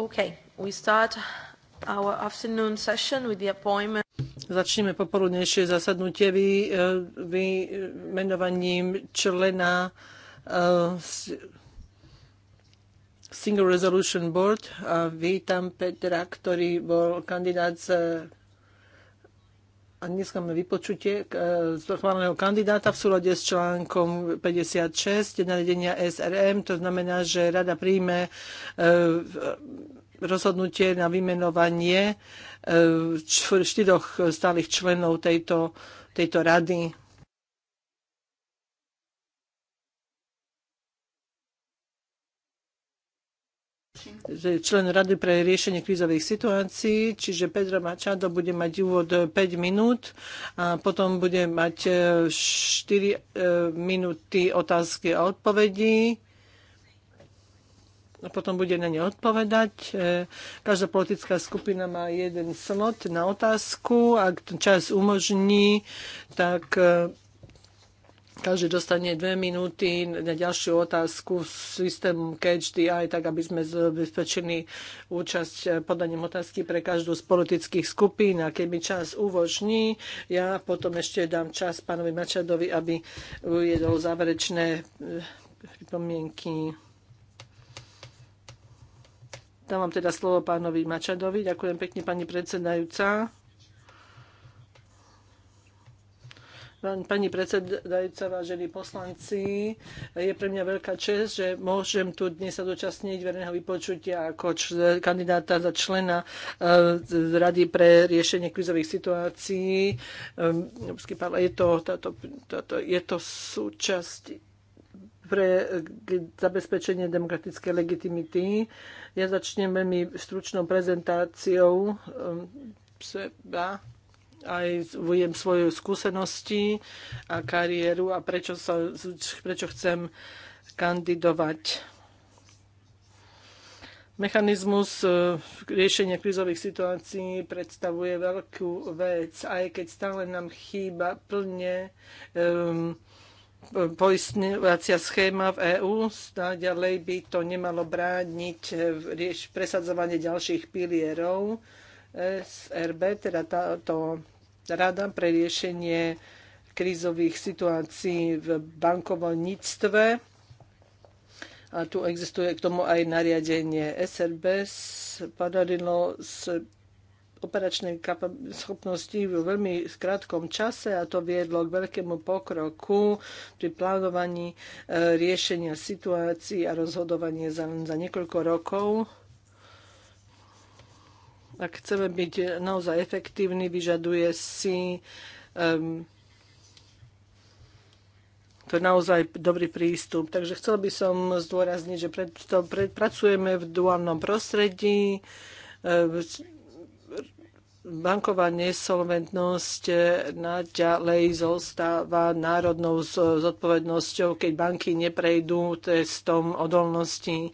Okay, we start our afternoon session with the appointment. Začneme popoludnejšie zasadnutie vy, eh, vymenovaním eh, člena uh, Single Resolution Board a vítam Petra, ktorý bol kandidát z a dnes máme vypočutie schváleného e, kandidáta v súlade s článkom 56 nariadenia SRM. To znamená, že rada príjme e, rozhodnutie na vymenovanie e, štyroch stálych členov tejto, tejto rady že člen Rady pre riešenie krízových situácií, čiže Pedro Mačado bude mať úvod 5 minút a potom bude mať 4 e, e, minúty otázky a odpovedí a potom bude na ne odpovedať. E, každá politická skupina má jeden slot na otázku. Ak čas umožní, tak každý dostane dve minúty na ďalšiu otázku v systému Catch the Eye, tak aby sme zabezpečili účasť podaním otázky pre každú z politických skupín. A keď mi čas uvožní, ja potom ešte dám čas pánovi Mačadovi, aby ujedol záverečné eh, pripomienky. Dávam teda slovo pánovi Mačadovi. Ďakujem pekne, pani predsedajúca. Pani predsedajúca, vážení poslanci, je pre mňa veľká čest, že môžem tu dnes sa dočasniť verejného vypočutia ako kandidáta za člena e, Rady pre riešenie krizových situácií. E, je to, táto, táto, je to súčasť pre e, zabezpečenie demokratickej legitimity. Ja začnem veľmi stručnou prezentáciou seba aj viem svoje skúsenosti a kariéru a prečo, sa, prečo chcem kandidovať. Mechanizmus e, riešenia krizových situácií predstavuje veľkú vec, aj keď stále nám chýba plne um, poistňovacia schéma v EÚ. Ďalej by to nemalo brániť e, v presadzovanie ďalších pilierov SRB, teda táto rada pre riešenie krízových situácií v bankovníctve. A tu existuje k tomu aj nariadenie SRB. Podarilo z operačnej schopnosti v veľmi krátkom čase a to viedlo k veľkému pokroku pri plánovaní e, riešenia situácií a rozhodovanie za, za niekoľko rokov ak chceme byť naozaj efektívni, vyžaduje si um, to je naozaj dobrý prístup. Takže chcel by som zdôrazniť, že pred, to, pred, pracujeme v duálnom prostredí. Um, banková nesolventnosť eh, naďalej zostáva národnou zodpovednosťou, keď banky neprejdú testom odolnosti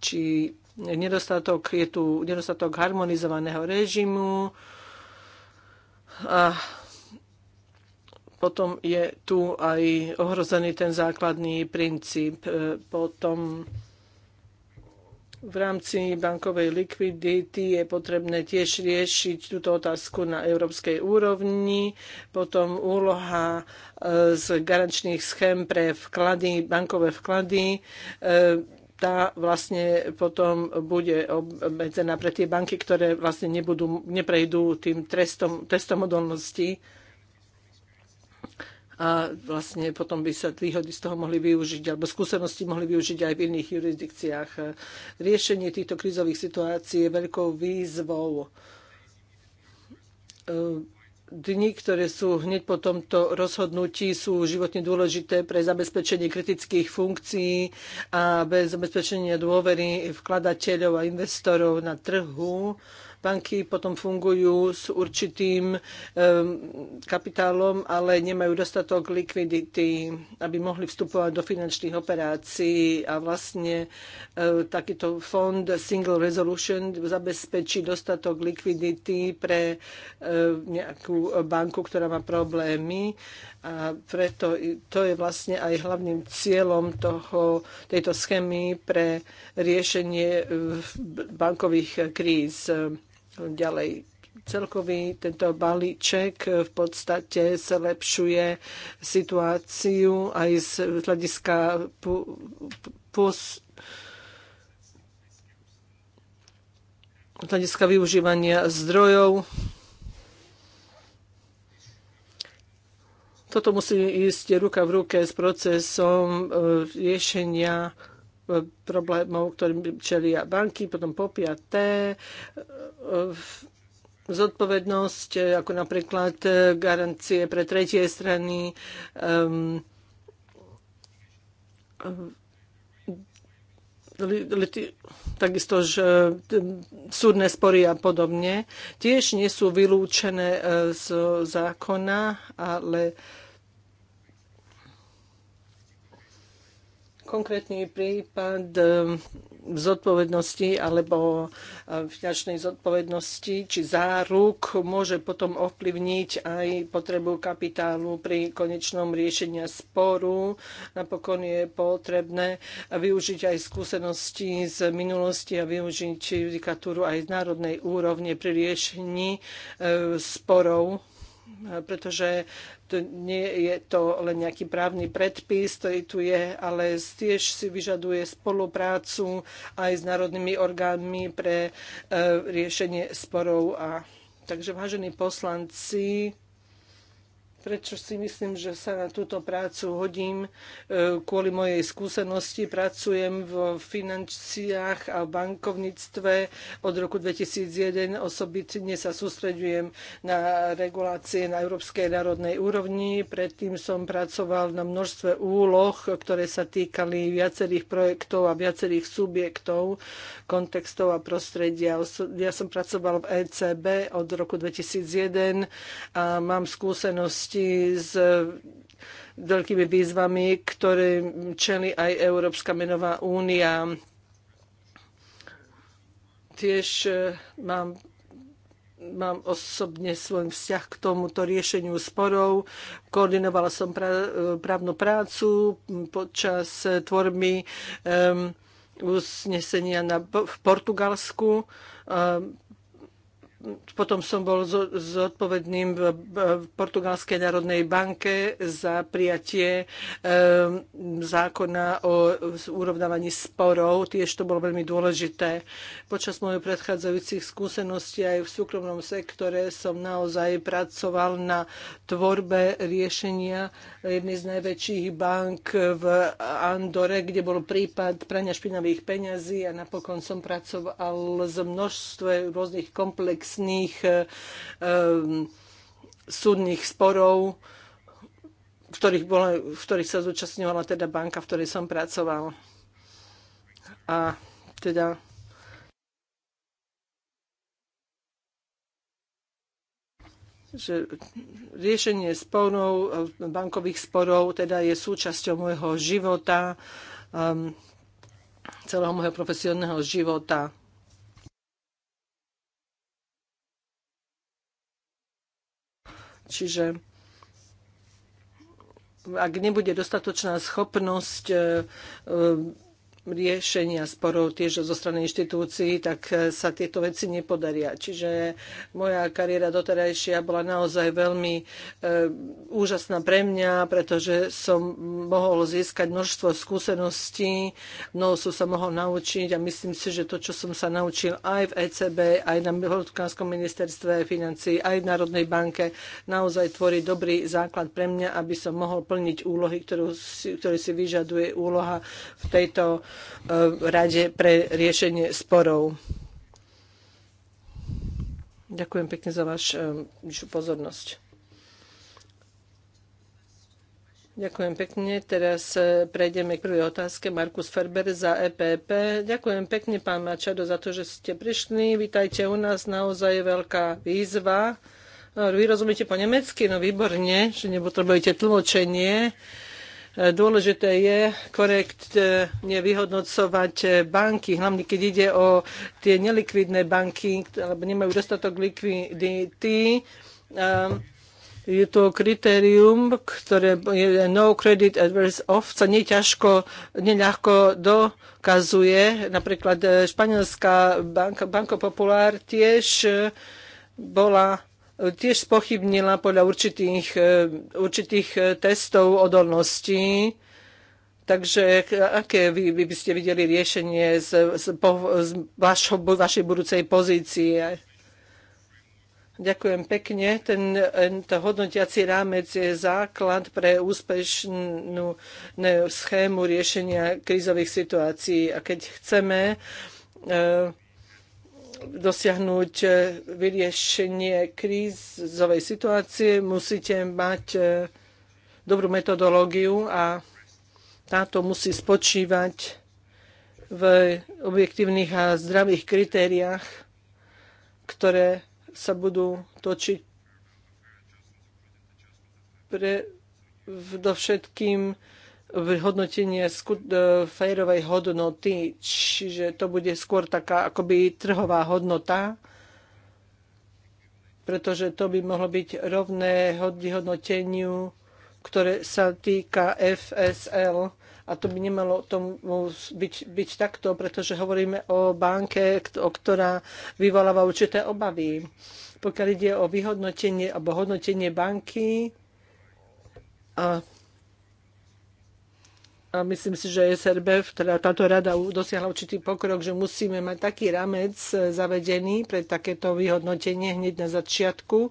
či nedostatok, je tu nedostatok harmonizovaného režimu a potom je tu aj ohrozený ten základný princíp. E, potom v rámci bankovej likvidity je potrebné tiež riešiť túto otázku na európskej úrovni. Potom úloha e, z garančných schém pre vklady, bankové vklady e, tá vlastne potom bude obmedzená pre tie banky, ktoré vlastne nebudú, neprejdú tým trestom, testom odolnosti a vlastne potom by sa výhody z toho mohli využiť, alebo skúsenosti mohli využiť aj v iných jurisdikciách. Riešenie týchto krizových situácií je veľkou výzvou ehm, dni, ktoré sú hneď po tomto rozhodnutí, sú životne dôležité pre zabezpečenie kritických funkcií a bez zabezpečenia dôvery vkladateľov a investorov na trhu Banky potom fungujú s určitým um, kapitálom, ale nemajú dostatok likvidity, aby mohli vstupovať do finančných operácií a vlastne um, takýto fond Single Resolution zabezpečí dostatok likvidity pre um, nejakú banku, ktorá má problémy a preto to je vlastne aj hlavným cieľom toho, tejto schémy pre riešenie e, bankových kríz. Ďalej, celkový tento balíček v podstate zlepšuje situáciu aj z hľadiska pôs z hľadiska využívania zdrojov. Toto musí ísť ruka v ruke s procesom e, riešenia problémov, ktorým čelia banky, potom po e, zodpovednosť, e, ako napríklad e, garancie pre tretie strany, takisto, že súdne spory a podobne, tiež nie sú vylúčené z zákona, ale konkrétny prípad e, zodpovednosti alebo e, finančnej zodpovednosti či záruk môže potom ovplyvniť aj potrebu kapitálu pri konečnom riešení sporu. Napokon je potrebné využiť aj skúsenosti z minulosti a využiť judikatúru aj z národnej úrovne pri riešení e, sporov pretože to nie je to len nejaký právny predpis, ktorý tu je, ale tiež si vyžaduje spoluprácu aj s národnými orgánmi pre eh, riešenie sporov. A, takže vážení poslanci, prečo si myslím, že sa na túto prácu hodím. E, kvôli mojej skúsenosti pracujem v financiách a bankovníctve od roku 2001. Osobitne sa sústreďujem na regulácie na európskej národnej úrovni. Predtým som pracoval na množstve úloh, ktoré sa týkali viacerých projektov a viacerých subjektov, kontextov a prostredia. Ja som pracoval v ECB od roku 2001 a mám skúsenosť súvislosti s eh, veľkými výzvami, ktoré čeli aj Európska menová únia. Tiež eh, mám mám osobne svoj vzťah k tomuto riešeniu sporov. Koordinovala som pra, eh, právnu prácu počas tvorby um, na, v Portugalsku. Um, potom som bol zodpovedným v Portugalskej národnej banke za prijatie ehm, zákona o urovnávaní sporov. Tiež to bolo veľmi dôležité. Počas mojich predchádzajúcich skúseností aj v súkromnom sektore som naozaj pracoval na tvorbe riešenia jednej z najväčších bank v Andore, kde bol prípad prania špinavých peňazí a napokon som pracoval s množstve rôznych komplexov komplexných eh, eh, súdnych sporov, v ktorých, bola, v ktorých sa zúčastňovala teda banka, v ktorej som pracoval. A teda že riešenie sporov, bankových sporov teda je súčasťou môjho života, ehm, celého môjho profesionálneho života. Čiže ak nebude dostatočná schopnosť e, e, riešenia sporov tiež zo strany inštitúcií, tak e, sa tieto veci nepodaria. Čiže moja kariéra doterajšia bola naozaj veľmi e, úžasná pre mňa, pretože som mohol získať množstvo skúseností, mnoho som sa mohol naučiť a myslím si, že to, čo som sa naučil aj v ECB, aj na Hrodkánskom ministerstve financí, aj v Národnej banke, naozaj tvorí dobrý základ pre mňa, aby som mohol plniť úlohy, ktorú si, ktorý si vyžaduje úloha v tejto Rade pre riešenie sporov. Ďakujem pekne za eh, vašu pozornosť. Ďakujem pekne. Teraz eh, prejdeme k prvej otázke. Markus Ferber za EPP. Ďakujem pekne, pán Mačado, za to, že ste prišli. Vítajte u nás. Naozaj veľká výzva. Eh, vy rozumiete po nemecky? No výborne, že nepotrebujete tlmočenie. Dôležité je korektne vyhodnocovať banky, hlavne keď ide o tie nelikvidné banky, alebo nemajú dostatok likvidity ehm, je to kritérium, ktoré je no credit adverse off, sa neťažko, neľahko dokazuje. Napríklad e, Španielská banka, Banco Popular tiež e, bola tiež spochybnila podľa určitých, e, určitých e, testov odolnosti. Takže aké vy, vy by ste videli riešenie z, z, po, z vašho, vašej budúcej pozície? Ďakujem pekne. Ten, ten hodnotiaci rámec je základ pre úspešnú ne, schému riešenia krízových situácií. A keď chceme e, dosiahnuť e, vyriešenie krízovej situácie, musíte mať e, dobrú metodológiu a táto musí spočívať v objektívnych a zdravých kritériách, ktoré sa budú točiť pre, všetkým vyhodnotenie e, férovej hodnoty, čiže to bude skôr taká akoby trhová hodnota, pretože to by mohlo byť rovné vyhodnoteniu, ktoré sa týka FSL a to by nemalo tomu byť, byť takto, pretože hovoríme o banke, o ktorá vyvoláva určité obavy. Pokiaľ ide o vyhodnotenie alebo hodnotenie banky a a myslím si, že SRB, teda táto rada dosiahla určitý pokrok, že musíme mať taký ramec e, zavedený pre takéto vyhodnotenie hneď na začiatku,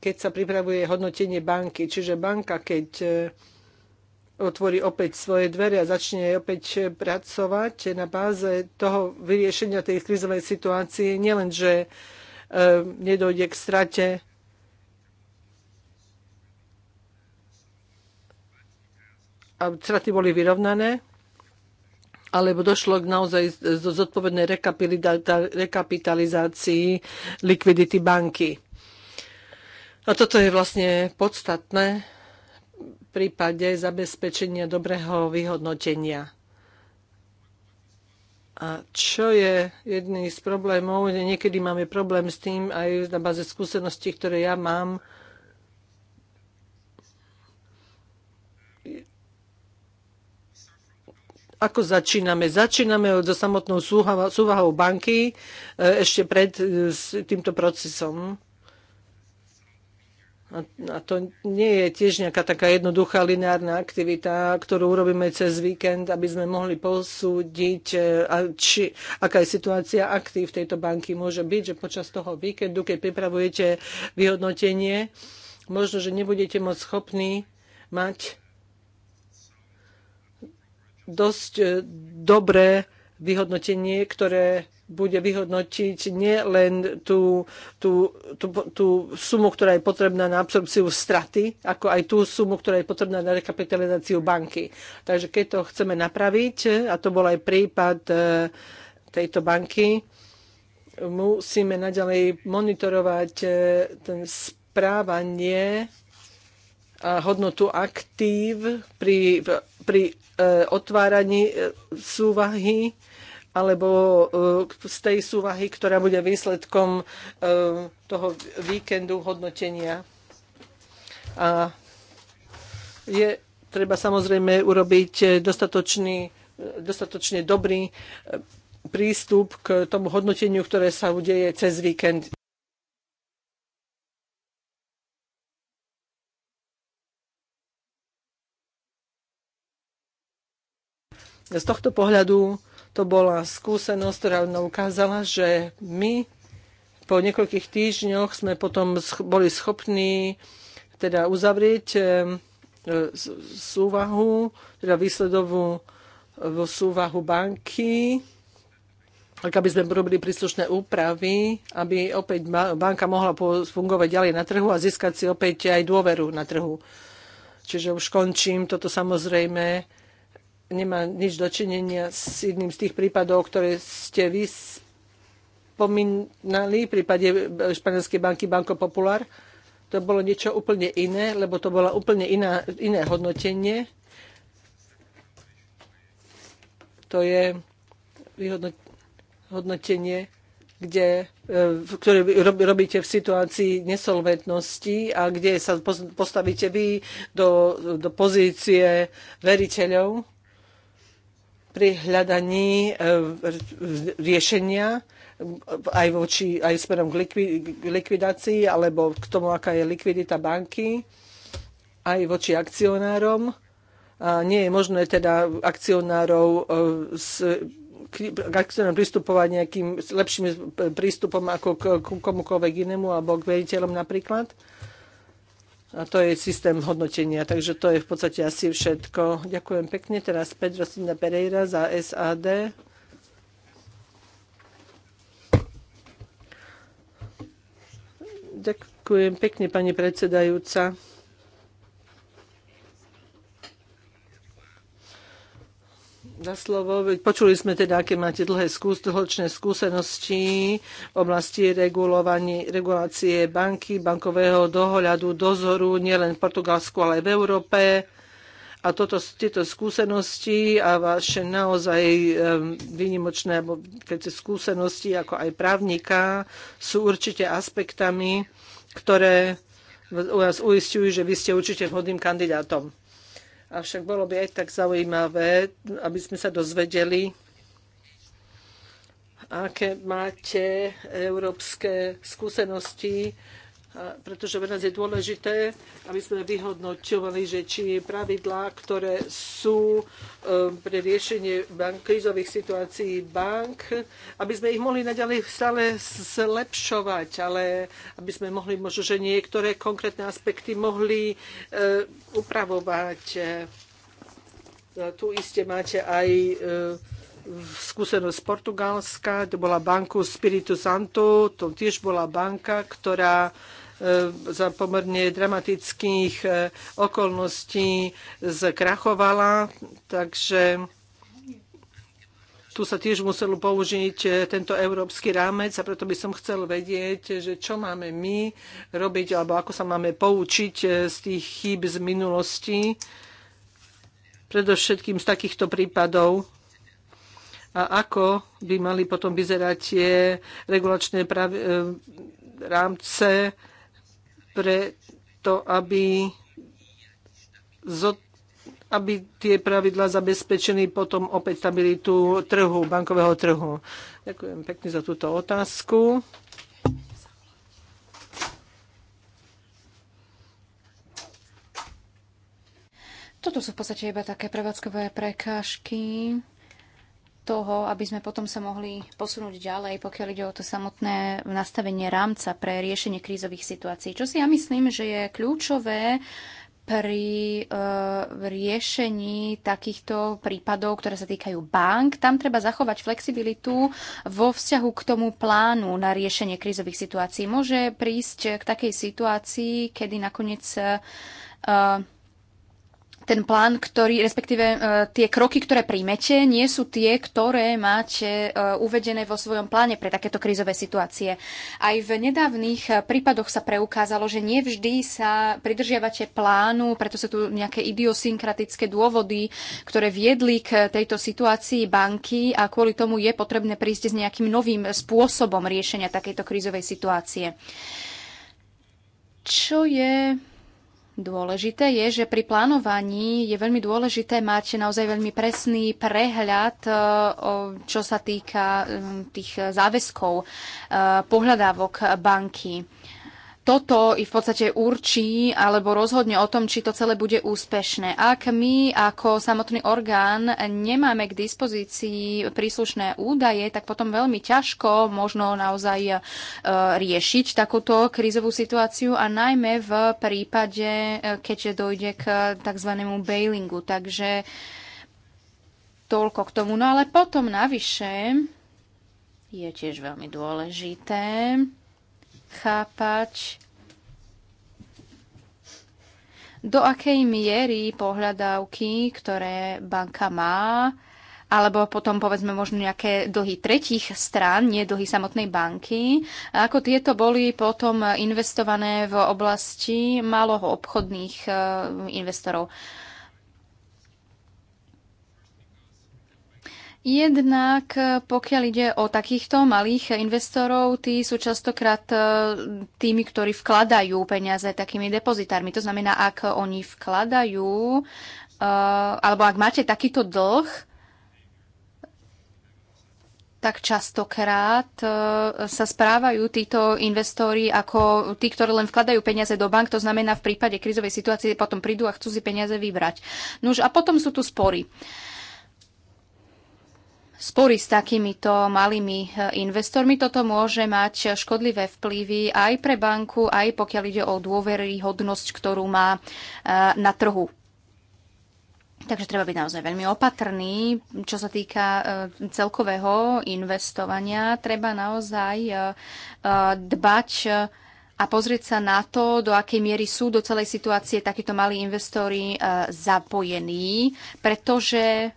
keď sa pripravuje hodnotenie banky. Čiže banka, keď e, otvorí opäť svoje dvere a začne opäť e, pracovať na báze toho vyriešenia tej krizovej situácie, nielen, že nedojde k strate a straty boli vyrovnané, alebo došlo k naozaj zodpovednej rekapitalizácii likvidity banky. A toto je vlastne podstatné v prípade zabezpečenia dobrého vyhodnotenia. A čo je jedný z problémov, niekedy máme problém s tým aj na baze skúseností, ktoré ja mám, ako začíname? Začíname so samotnou súvahou banky e, ešte pred e, týmto procesom. A, a to nie je tiež nejaká taká jednoduchá lineárna aktivita, ktorú urobíme cez víkend, aby sme mohli posúdiť, e, či, aká je situácia aktív tejto banky. Môže byť, že počas toho víkendu, keď pripravujete vyhodnotenie, možno, že nebudete moc schopní mať dosť e, dobré vyhodnotenie, ktoré bude vyhodnotiť nielen tú, tú, tú, tú sumu, ktorá je potrebná na absorpciu straty, ako aj tú sumu, ktorá je potrebná na rekapitalizáciu banky. Takže keď to chceme napraviť, a to bol aj prípad e, tejto banky, musíme naďalej monitorovať e, ten správanie hodnotu aktív pri, pri e, otváraní e, súvahy alebo e, z tej súvahy, ktorá bude výsledkom toho víkendu hodnotenia. A je treba samozrejme urobiť dostatočný, dostatočne dobrý prístup k tomu hodnoteniu, ktoré sa udeje cez víkend. z tohto pohľadu to bola skúsenosť, ktorá nám ukázala, že my po niekoľkých týždňoch sme potom boli schopní teda uzavrieť eh, súvahu, teda výsledovú súvahu banky, ak aby sme robili príslušné úpravy, aby opäť banka mohla fungovať ďalej na trhu a získať si opäť aj dôveru na trhu. Čiže už končím. Toto samozrejme nemá nič dočinenia s jedným z tých prípadov, ktoré ste vy spomínali v prípade španielskej banky Banco Popular. To bolo niečo úplne iné, lebo to bolo úplne iná, iné hodnotenie. To je hodnotenie, kde, e, ktoré robíte v situácii nesolventnosti a kde sa postavíte vy do, do pozície veriteľov pri hľadaní e, riešenia aj, voči, aj smerom k likvidácii alebo k tomu, aká je likvidita banky, aj voči akcionárom. A nie je možné teda akcionárov e, s akcionárom pristupovať nejakým lepším e, prístupom ako k komukoľvek inému alebo k veriteľom napríklad. A to je systém hodnotenia, takže to je v podstate asi všetko. Ďakujem pekne. Teraz Pedro Sina Pereira za SAD. Ďakujem pekne, pani predsedajúca. za slovo. Počuli sme teda, aké máte dlhé skús, dlhočné skúsenosti v oblasti regulácie banky, bankového dohľadu, dozoru nielen v Portugalsku, ale aj v Európe. A toto, tieto skúsenosti a vaše naozaj výnimočné keď skúsenosti ako aj právnika sú určite aspektami, ktoré vás uistujú, že vy ste určite vhodným kandidátom. Avšak bolo by aj tak zaujímavé, aby sme sa dozvedeli, aké máte európske skúsenosti pretože pre nás je dôležité, aby sme vyhodnoťovali, že či pravidlá, ktoré sú e, pre riešenie bank, krízových situácií bank, aby sme ich mohli naďalej stále zlepšovať, ale aby sme mohli možno, že niektoré konkrétne aspekty mohli e, upravovať. Tu iste máte aj e, skúsenosť Portugalska, to bola banku Spiritu Santo, to tiež bola banka, ktorá E, za pomerne dramatických e, okolností zkrachovala, takže tu sa tiež muselo použiť e, tento európsky rámec a preto by som chcel vedieť, že čo máme my robiť alebo ako sa máme poučiť z tých chýb z minulosti, predovšetkým z takýchto prípadov a ako by mali potom vyzerať tie regulačné rámce pre to, aby, zo, aby tie pravidla zabezpečili potom opäť stabilitu trhu, bankového trhu. Ďakujem pekne za túto otázku. Toto sú v podstate iba také prevádzkové prekážky toho, aby sme potom sa mohli posunúť ďalej, pokiaľ ide o to samotné nastavenie rámca pre riešenie krízových situácií. Čo si ja myslím, že je kľúčové pri e, riešení takýchto prípadov, ktoré sa týkajú bank, tam treba zachovať flexibilitu vo vzťahu k tomu plánu na riešenie krízových situácií. Môže prísť k takej situácii, kedy nakoniec e, ten plán, ktorý, respektíve e, tie kroky, ktoré príjmete, nie sú tie, ktoré máte e, uvedené vo svojom pláne pre takéto krízové situácie. Aj v nedávnych e, prípadoch sa preukázalo, že nevždy sa pridržiavate plánu, preto sú tu nejaké idiosynkratické dôvody, ktoré viedli k tejto situácii banky a kvôli tomu je potrebné prísť s nejakým novým spôsobom riešenia takejto krízovej situácie. Čo je dôležité, je, že pri plánovaní je veľmi dôležité mať naozaj veľmi presný prehľad, e, čo sa týka e, tých záväzkov e, pohľadávok banky toto i v podstate určí alebo rozhodne o tom, či to celé bude úspešné. Ak my ako samotný orgán nemáme k dispozícii príslušné údaje, tak potom veľmi ťažko možno naozaj e, riešiť takúto krízovú situáciu a najmä v prípade, e, keď dojde k e, tzv. bailingu. Takže toľko k tomu. No ale potom navyše je tiež veľmi dôležité chápať, do akej miery pohľadávky, ktoré banka má, alebo potom povedzme možno nejaké dlhy tretích strán, nie dlhy samotnej banky, ako tieto boli potom investované v oblasti malohobchodných obchodných eh, investorov. Jednak eh, pokiaľ ide o takýchto malých investorov, tí sú častokrát eh, tými, ktorí vkladajú peniaze takými depozitármi. To znamená, ak oni vkladajú, eh, alebo ak máte takýto dlh, tak častokrát sa správajú títo investori ako tí, ktorí len vkladajú peniaze do bank, to znamená v prípade krizovej situácie potom prídu a chcú si peniaze vybrať. Nuž a potom sú tu spory. Uh, spory s takýmito malými eh, investormi. Toto môže mať škodlivé vplyvy aj pre banku, aj pokiaľ ide o dôveryhodnosť, ktorú má eh, na trhu. Takže treba byť naozaj veľmi opatrný. Čo sa týka eh, celkového investovania, treba naozaj dbať a pozrieť sa na to, do akej miery sú do celej situácie takíto malí investori zapojení, pretože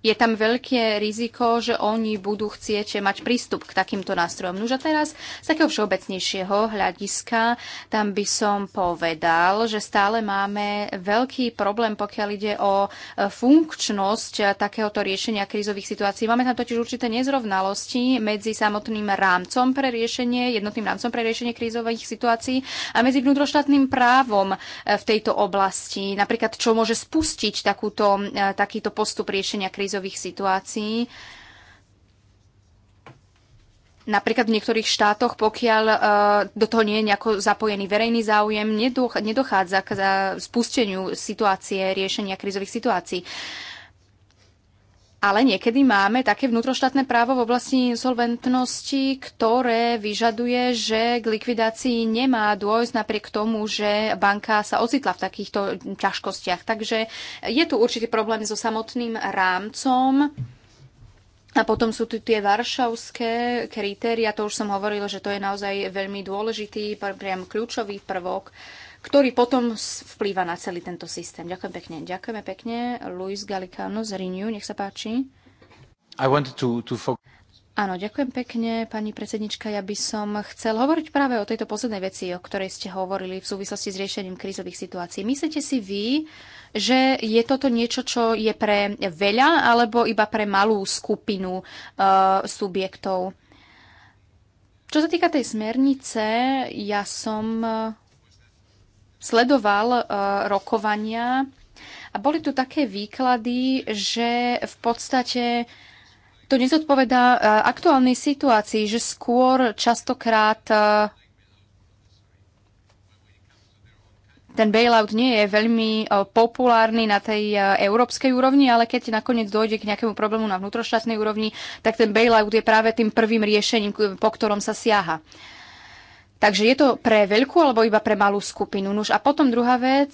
je tam veľké riziko, že oni budú chcieť mať prístup k takýmto nástrojom. Nože teraz z takého všeobecnejšieho hľadiska tam by som povedal, že stále máme veľký problém, pokiaľ ide o e, funkčnosť e, takéhoto riešenia krízových situácií. Máme tam totiž určité nezrovnalosti medzi samotným rámcom pre riešenie, jednotným rámcom pre riešenie krízových situácií a medzi vnútroštátnym právom e, v tejto oblasti. Napríklad, čo môže spustiť takúto, takýto postup riešenia krízových krízových situácií. Napríklad v niektorých štátoch, pokiaľ e, do toho nie je nejako zapojený verejný záujem, nedochádza k spusteniu situácie, riešenia krízových situácií ale niekedy máme také vnútroštátne právo v oblasti insolventnosti, ktoré vyžaduje, že k likvidácii nemá dôjsť napriek tomu, že banka sa ocitla v takýchto ťažkostiach. Takže je tu určitý problém so samotným rámcom. A potom sú tu tie varšavské kritéria, to už som hovorila, že to je naozaj veľmi dôležitý, priam kľúčový prvok. Uh, ktorý potom vplýva na celý tento systém. Ďakujem pekne. Ďakujeme pekne. Luis Galicano z Renew, nech sa páči. I to, to Áno, ďakujem pekne, pani predsednička. Ja by som chcel hovoriť práve o tejto poslednej veci, o ktorej ste hovorili v súvislosti s riešením krízových situácií. Myslíte si vy, že je toto niečo, čo je pre veľa alebo iba pre malú skupinu uh, subjektov? Čo sa týka tej smernice, ja som uh, sledoval e, rokovania a boli tu také výklady, že v podstate to nezodpovedá e, aktuálnej situácii, že skôr častokrát e, ten bailout nie je veľmi populárny na tej európskej úrovni, ale keď nakoniec dojde k nejakému problému na vnútroštátnej úrovni, tak ten bailout je práve tým prvým riešením, po ktorom sa siaha. Takže je to pre veľkú alebo iba pre malú skupinu. Nuž a potom druhá vec,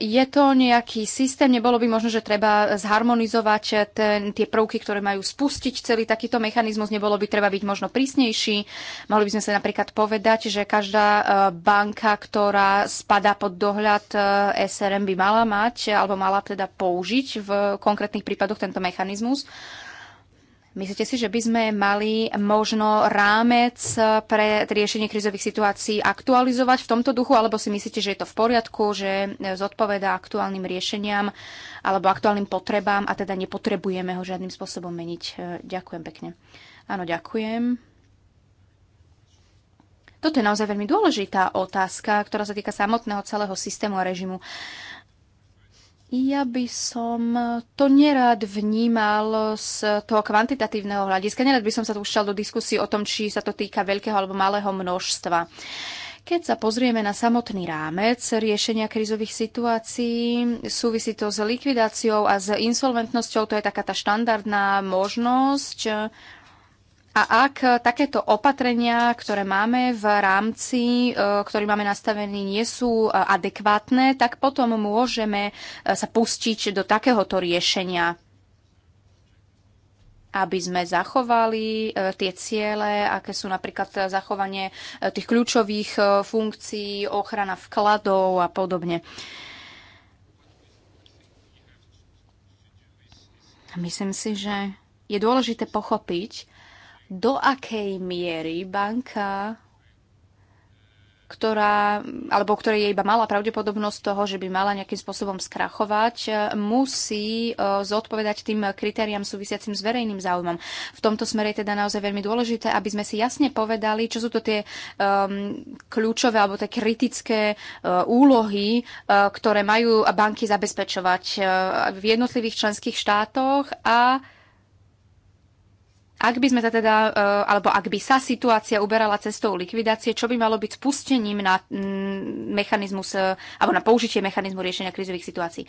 je to nejaký systém, nebolo by možno, že treba zharmonizovať ten, tie prvky, ktoré majú spustiť celý takýto mechanizmus, nebolo by treba byť možno prísnejší. Mohli by sme sa napríklad povedať, že každá e, banka, ktorá spadá pod dohľad e, SRM by mala mať alebo mala teda použiť v konkrétnych prípadoch tento mechanizmus. Myslíte si, že by sme mali možno rámec pre riešenie krizových situácií aktualizovať v tomto duchu, alebo si myslíte, že je to v poriadku, že zodpoveda aktuálnym riešeniam alebo aktuálnym potrebám a teda nepotrebujeme ho žiadnym spôsobom meniť? E, ďakujem pekne. Áno, ďakujem. Toto je naozaj veľmi dôležitá otázka, ktorá sa týka samotného celého systému a režimu. Uh, ja by som to nerád vnímal z toho kvantitatívneho hľadiska. Nerád by som sa tu do diskusie o tom, či sa to týka veľkého alebo malého množstva. Keď sa pozrieme na samotný rámec riešenia krizových situácií, súvisí to s likvidáciou a s insolventnosťou, to je taká tá štandardná možnosť, a ak e, takéto opatrenia, ktoré máme v rámci, e, ktorý máme nastavený, nie sú e, adekvátne, tak potom môžeme sa pustiť do takéhoto riešenia aby sme zachovali tie ciele, aké sú napríklad zachovanie tých kľúčových funkcií, ochrana vkladov a podobne. Myslím si, že je dôležité pochopiť, do akej miery banka ktorá, alebo ktorej je iba malá pravdepodobnosť toho, že by mala nejakým spôsobom skrachovať, e, musí e, zodpovedať tým kritériám súvisiacim s verejným záujmom. V tomto smere je teda naozaj veľmi dôležité, aby sme si jasne povedali, čo sú to tie um, kľúčové alebo tie kritické uh, úlohy, uh, ktoré majú banky zabezpečovať uh, v jednotlivých členských štátoch a uh, ak by sme sa teda, e, alebo ak by sa situácia uberala cestou likvidácie, čo by malo byť spustením na mechanizmus, e, alebo na použitie mechanizmu riešenia krizových situácií?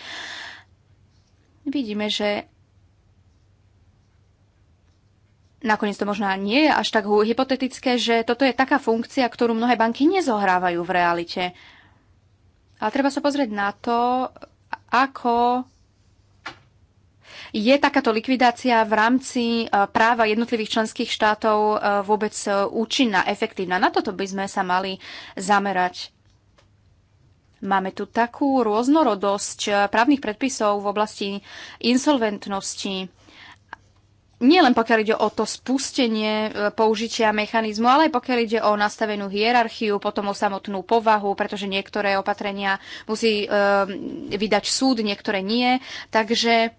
Vidíme, že nakoniec to možno nie je až tak hypotetické, že toto je taká funkcia, ktorú mnohé banky nezohrávajú v realite. Ale treba sa pozrieť na to, ako je takáto likvidácia v rámci e, práva jednotlivých členských štátov e, vôbec e, účinná, efektívna? Na toto by sme sa mali zamerať. Máme tu takú rôznorodosť právnych predpisov v oblasti insolventnosti, nie len pokiaľ ide o to spustenie použitia mechanizmu, ale aj pokiaľ ide o nastavenú hierarchiu, potom o samotnú povahu, pretože niektoré opatrenia musí e, vydať súd, niektoré nie. Takže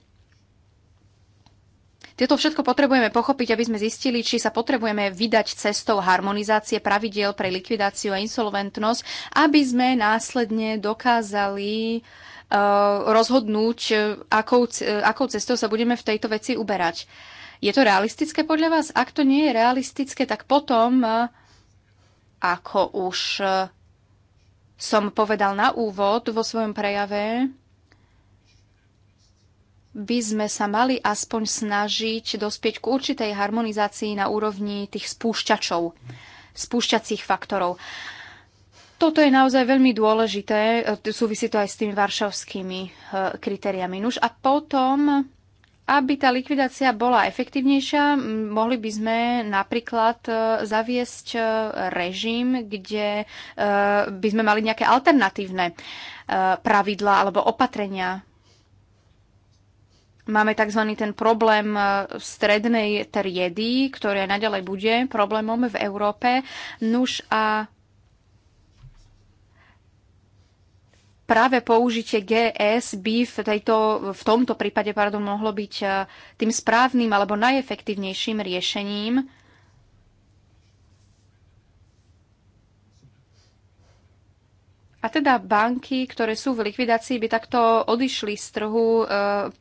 tieto všetko potrebujeme pochopiť, aby sme zistili, či sa potrebujeme vydať cestou harmonizácie pravidiel pre likvidáciu a insolventnosť, aby sme následne dokázali e, rozhodnúť, e, akou, e, akou cestou sa budeme v tejto veci uberať. Je to realistické podľa vás? Ak to nie je realistické, tak potom, ako už som povedal na úvod vo svojom prejave, by sme sa mali aspoň snažiť dospieť k určitej harmonizácii na úrovni tých spúšťačov, spúšťacích faktorov. Toto je naozaj veľmi dôležité, e, súvisí to aj s tými varšavskými e, kritériami. Nuž a potom, aby tá likvidácia bola efektívnejšia, mohli by sme napríklad e, zaviesť režim, kde by sme mali nejaké alternatívne pravidla alebo opatrenia máme tzv. ten problém e, strednej triedy, ktorý aj naďalej bude problémom v Európe. Nuž a práve použitie GS by v, tejto, v tomto prípade pardon, mohlo byť e, tým správnym alebo najefektívnejším riešením A teda banky, ktoré sú v likvidácii, by takto odišli z trhu e,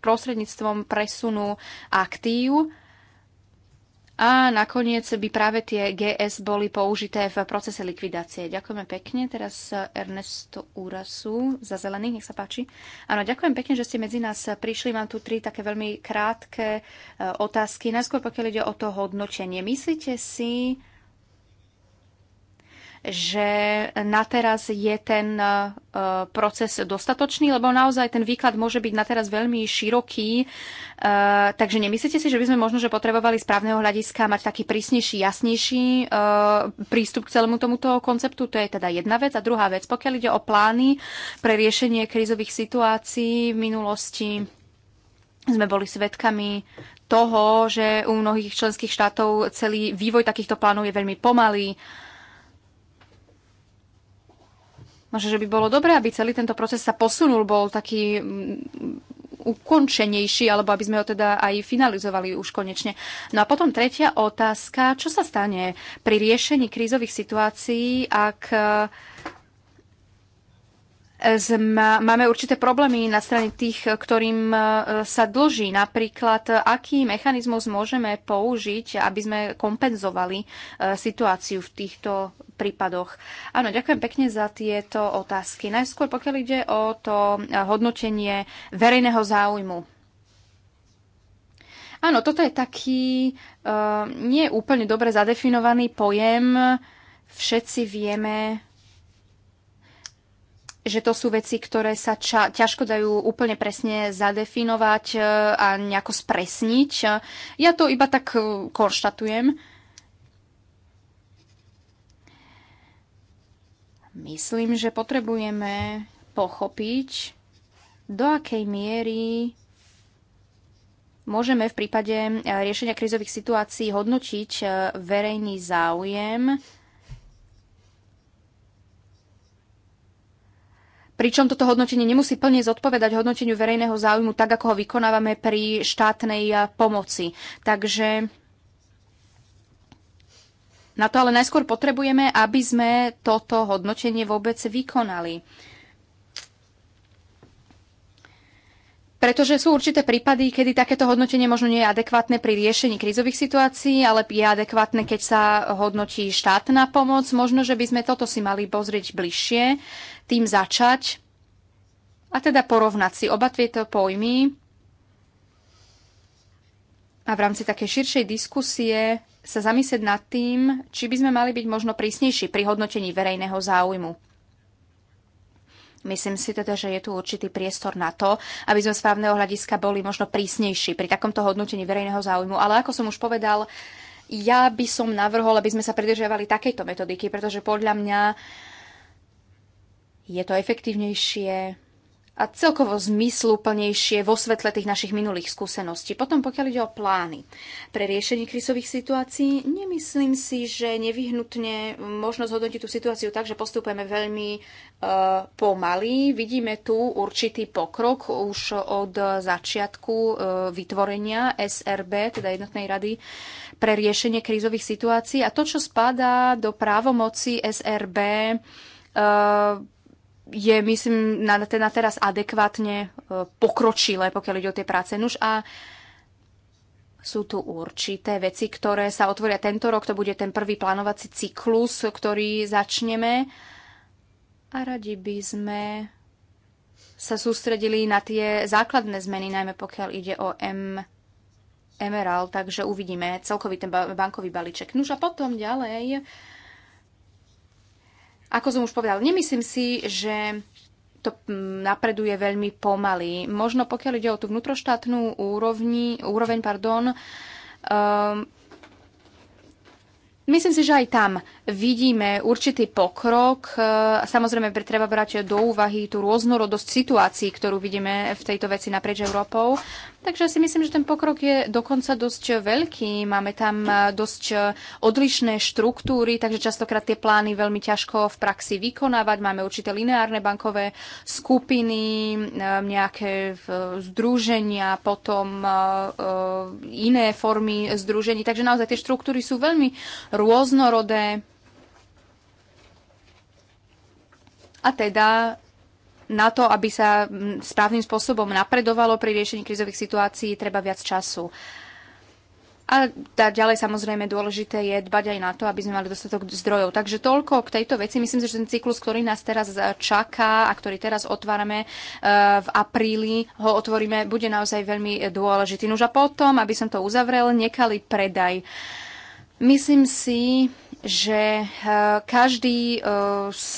prostredníctvom presunu aktív a nakoniec by práve tie GS boli použité v procese likvidácie. Ďakujeme pekne. Teraz Ernesto Urasu za zelených, nech sa páči. Áno, ďakujem pekne, že ste medzi nás prišli. Mám tu tri také veľmi krátke e, otázky. Najskôr pokiaľ ide o to hodnotenie. Myslíte si, že na teraz je ten e, proces dostatočný, lebo naozaj ten výklad môže byť na teraz veľmi široký. E, takže nemyslíte si, že by sme možno, že potrebovali správneho hľadiska mať taký prísnejší, jasnejší e, prístup k celému tomuto konceptu? To je teda jedna vec. A druhá vec, pokiaľ ide o plány pre riešenie krízových situácií v minulosti, sme boli svedkami toho, že u mnohých členských štátov celý vývoj takýchto plánov je veľmi pomalý. Uh, Možno, že by bolo dobré, aby celý tento proces sa posunul, bol taký mm, ukončenejší, alebo aby sme ho teda aj finalizovali už konečne. No a potom tretia otázka, čo sa stane pri riešení krízových situácií, ak máme určité problémy na strane tých, ktorým e, sa dlží. Napríklad, aký mechanizmus môžeme použiť, aby sme kompenzovali e, situáciu v týchto prípadoch. Áno, ďakujem pekne za tieto otázky. Najskôr, pokiaľ ide o to e, hodnotenie verejného záujmu. Áno, toto je taký uh, nie úplne dobre zadefinovaný pojem. Všetci vieme, že to sú veci, ktoré sa ča- ťažko dajú úplne presne zadefinovať e, a nejako spresniť. Ja to iba tak e, konštatujem. Myslím, že potrebujeme pochopiť, do akej miery môžeme v prípade e, riešenia krizových situácií hodnotiť verejný záujem Pričom toto hodnotenie nemusí plne zodpovedať hodnoteniu verejného záujmu, tak ako ho vykonávame pri štátnej eh, pomoci. Takže na to ale najskôr potrebujeme, aby sme toto hodnotenie vôbec vykonali. Pretože sú určité prípady, kedy takéto hodnotenie možno nie je adekvátne pri riešení krízových situácií, ale je adekvátne, keď sa hodnotí štátna pomoc. Možno, že by sme toto si mali pozrieť bližšie, tým začať a teda porovnať si oba tieto pojmy a v rámci takej širšej diskusie sa zamyslieť nad tým, či by sme mali byť možno prísnejší pri hodnotení verejného záujmu. Myslím si teda, že je tu určitý priestor na to, aby sme z právneho hľadiska boli možno prísnejší pri takomto hodnotení verejného záujmu. Ale ako som už povedal, ja by som navrhol, aby sme sa pridržiavali takejto metodiky, pretože podľa mňa uh, je to efektívnejšie a celkovo zmysluplnejšie vo svetle tých našich minulých skúseností. Potom, pokiaľ ide o plány pre riešenie krizových situácií, nemyslím si, že nevyhnutne možno zhodnotiť tú situáciu tak, že postupujeme veľmi e, pomaly. Vidíme tu určitý pokrok už od začiatku e, vytvorenia SRB, teda Jednotnej rady pre riešenie krízových situácií. A to, čo spadá do právomoci SRB, e, je, myslím, na, teda na teraz adekvátne e, pokročilé, pokiaľ ide o tie práce. Nuž a sú tu určité veci, ktoré sa otvoria tento rok. To bude ten prvý plánovací cyklus, ktorý začneme. A radi by sme sa sústredili na tie základné zmeny, najmä pokiaľ ide o M Emerald, takže uvidíme celkový ten bankový balíček. Nuž a potom ďalej ako som už povedal, nemyslím si, že to mm, napreduje veľmi pomaly. Možno pokiaľ ide o tú vnútroštátnu úrovni, úroveň, pardon, um, Myslím si, že aj tam vidíme určitý pokrok. E, samozrejme, treba brať do úvahy tú rôznorodosť situácií, ktorú vidíme v tejto veci naprieč Európou. Takže si myslím, že ten pokrok je dokonca dosť veľký. Máme tam e, dosť e, odlišné štruktúry, takže častokrát tie plány veľmi ťažko v praxi vykonávať. Máme určité lineárne bankové skupiny, nejaké združenia, potom e, iné formy združení. Takže naozaj tie štruktúry sú veľmi rôznorodé. A teda na to, aby sa mm, správnym spôsobom napredovalo pri riešení krizových situácií, treba viac času. A ďalej samozrejme dôležité je dbať aj na to, aby sme mali dostatok zdrojov. Takže toľko k tejto veci. Myslím si, že ten cyklus, ktorý nás teraz e, čaká a ktorý teraz otvárame e, v apríli, ho otvoríme, bude naozaj veľmi dôležitý. Nož a potom, aby som to uzavrel, nekali predaj. Myslím si, že eh, každý eh, z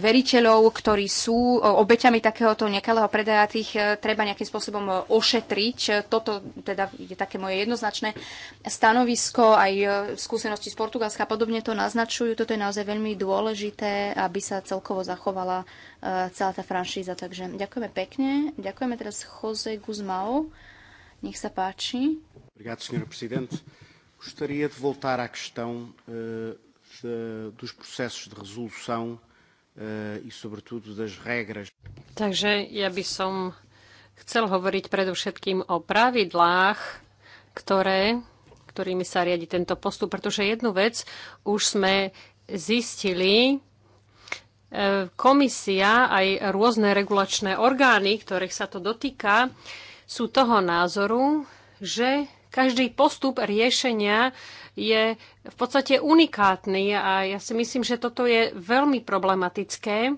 veriteľov, ktorí sú eh, obeťami takéhoto nekalého predaja, tých treba nejakým spôsobom ošetriť. Toto teda je také moje jednoznačné stanovisko, aj skúsenosti z Portugalska podobne to naznačujú. Toto je naozaj veľmi dôležité, aby sa celkovo zachovala celá tá franšíza. Takže ďakujeme pekne. Ďakujeme teraz Jose Guzmao. Nech sa páči. Obrigado, senhor presidente. Gostaria de voltar à questão uh, eh, de, dos processos de resolução uh, e, sobretudo, das regras. Takže ja by som chcel hovoriť predovšetkým o pravidlách, ktoré, ktorými sa riadi tento postup, pretože jednu vec už sme zistili, eh, komisia aj rôzne regulačné orgány, ktorých sa to dotýka, sú toho názoru, že každý postup riešenia je v podstate unikátny a ja si myslím, že toto je veľmi problematické.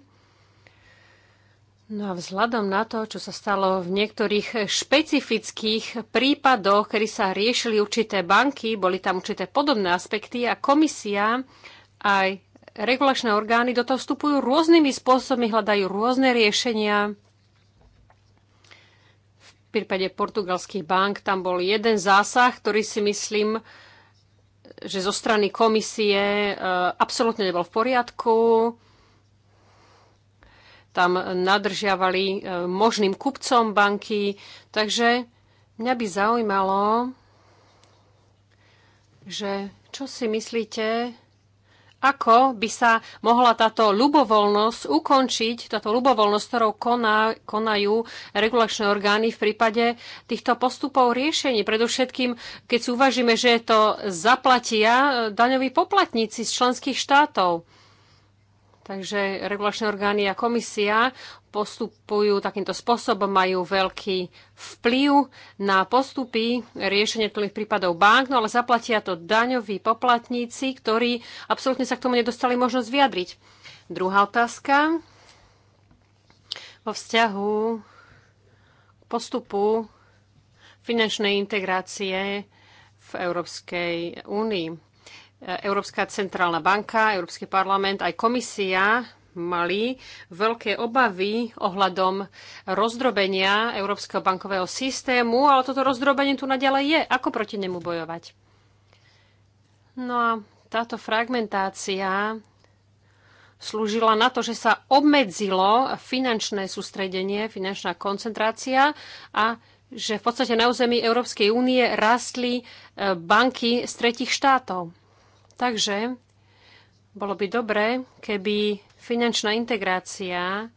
No a vzhľadom na to, čo sa stalo v niektorých špecifických prípadoch, kedy sa riešili určité banky, boli tam určité podobné aspekty a komisia aj regulačné orgány do toho vstupujú rôznymi spôsobmi, hľadajú rôzne riešenia v prípade portugalských bank tam bol jeden zásah, ktorý si myslím, že zo strany komisie e, absolútne nebol v poriadku. Tam nadržiavali e, možným kupcom banky. Takže mňa by zaujímalo, že čo si myslíte ako by sa mohla táto ľubovoľnosť ukončiť, táto ľubovoľnosť, ktorou koná, konajú regulačné orgány v prípade týchto postupov riešení. Predovšetkým, keď si uvažíme, že to zaplatia eh, daňoví poplatníci z členských štátov. Takže regulačné orgány a komisia postupujú takýmto spôsobom, majú veľký vplyv na postupy riešenie tých prípadov bank, no ale zaplatia to daňoví poplatníci, ktorí absolútne sa k tomu nedostali možnosť vyjadriť. Druhá otázka vo vzťahu k postupu finančnej integrácie v Európskej únii. Európska centrálna banka, Európsky parlament, aj komisia mali veľké obavy ohľadom rozdrobenia Európskeho bankového systému, ale toto rozdrobenie tu naďalej je. Ako proti nemu bojovať? No a táto fragmentácia slúžila na to, že sa obmedzilo finančné sústredenie, finančná koncentrácia a že v podstate na území Európskej únie rastli e, banky z tretich štátov. Takže bolo by dobré, keby finančná integrácia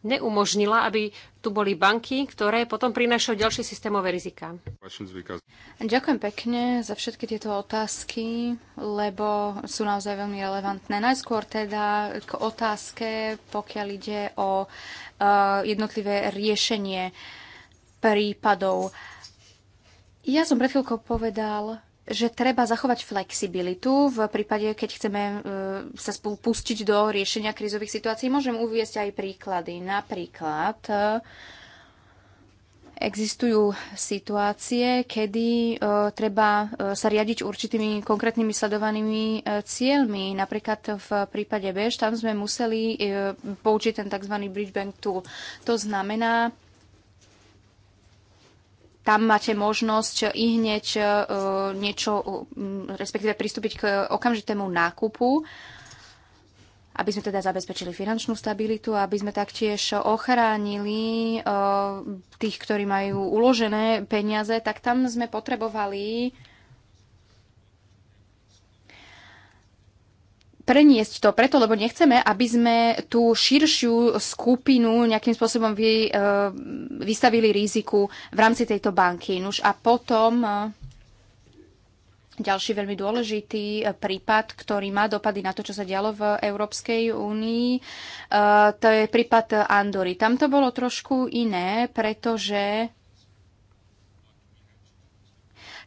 neumožnila, aby tu boli banky, ktoré potom prinášajú ďalšie systémové rizika. Ďakujem pekne za všetky tieto otázky, lebo sú naozaj veľmi relevantné. Najskôr teda k otázke, pokiaľ ide o uh, jednotlivé riešenie prípadov. Ja som pred chvíľkou povedal, že treba zachovať flexibilitu v prípade, keď chceme e, sa pustiť do riešenia krízových situácií. Môžem uviesť aj príklady. Napríklad e, existujú situácie, kedy e, treba sa riadiť určitými konkrétnymi sledovanými cieľmi. Napríklad v prípade Bež, tam sme museli použiť ten tzv. bridge bank tool. To znamená, tam máte možnosť i hneď e, niečo, e, respektíve pristúpiť k okamžitému nákupu, aby sme teda zabezpečili finančnú stabilitu a aby sme taktiež ochránili e, tých, ktorí majú uložené peniaze, tak tam sme potrebovali preniesť to preto, lebo nechceme, aby sme tú širšiu skupinu nejakým spôsobom vy, eh, vystavili riziku v rámci tejto banky. Nuž a potom eh, ďalší veľmi dôležitý eh, prípad, ktorý má dopady na to, čo sa dialo v Európskej únii, to je prípad Andory. Tam to bolo trošku iné, pretože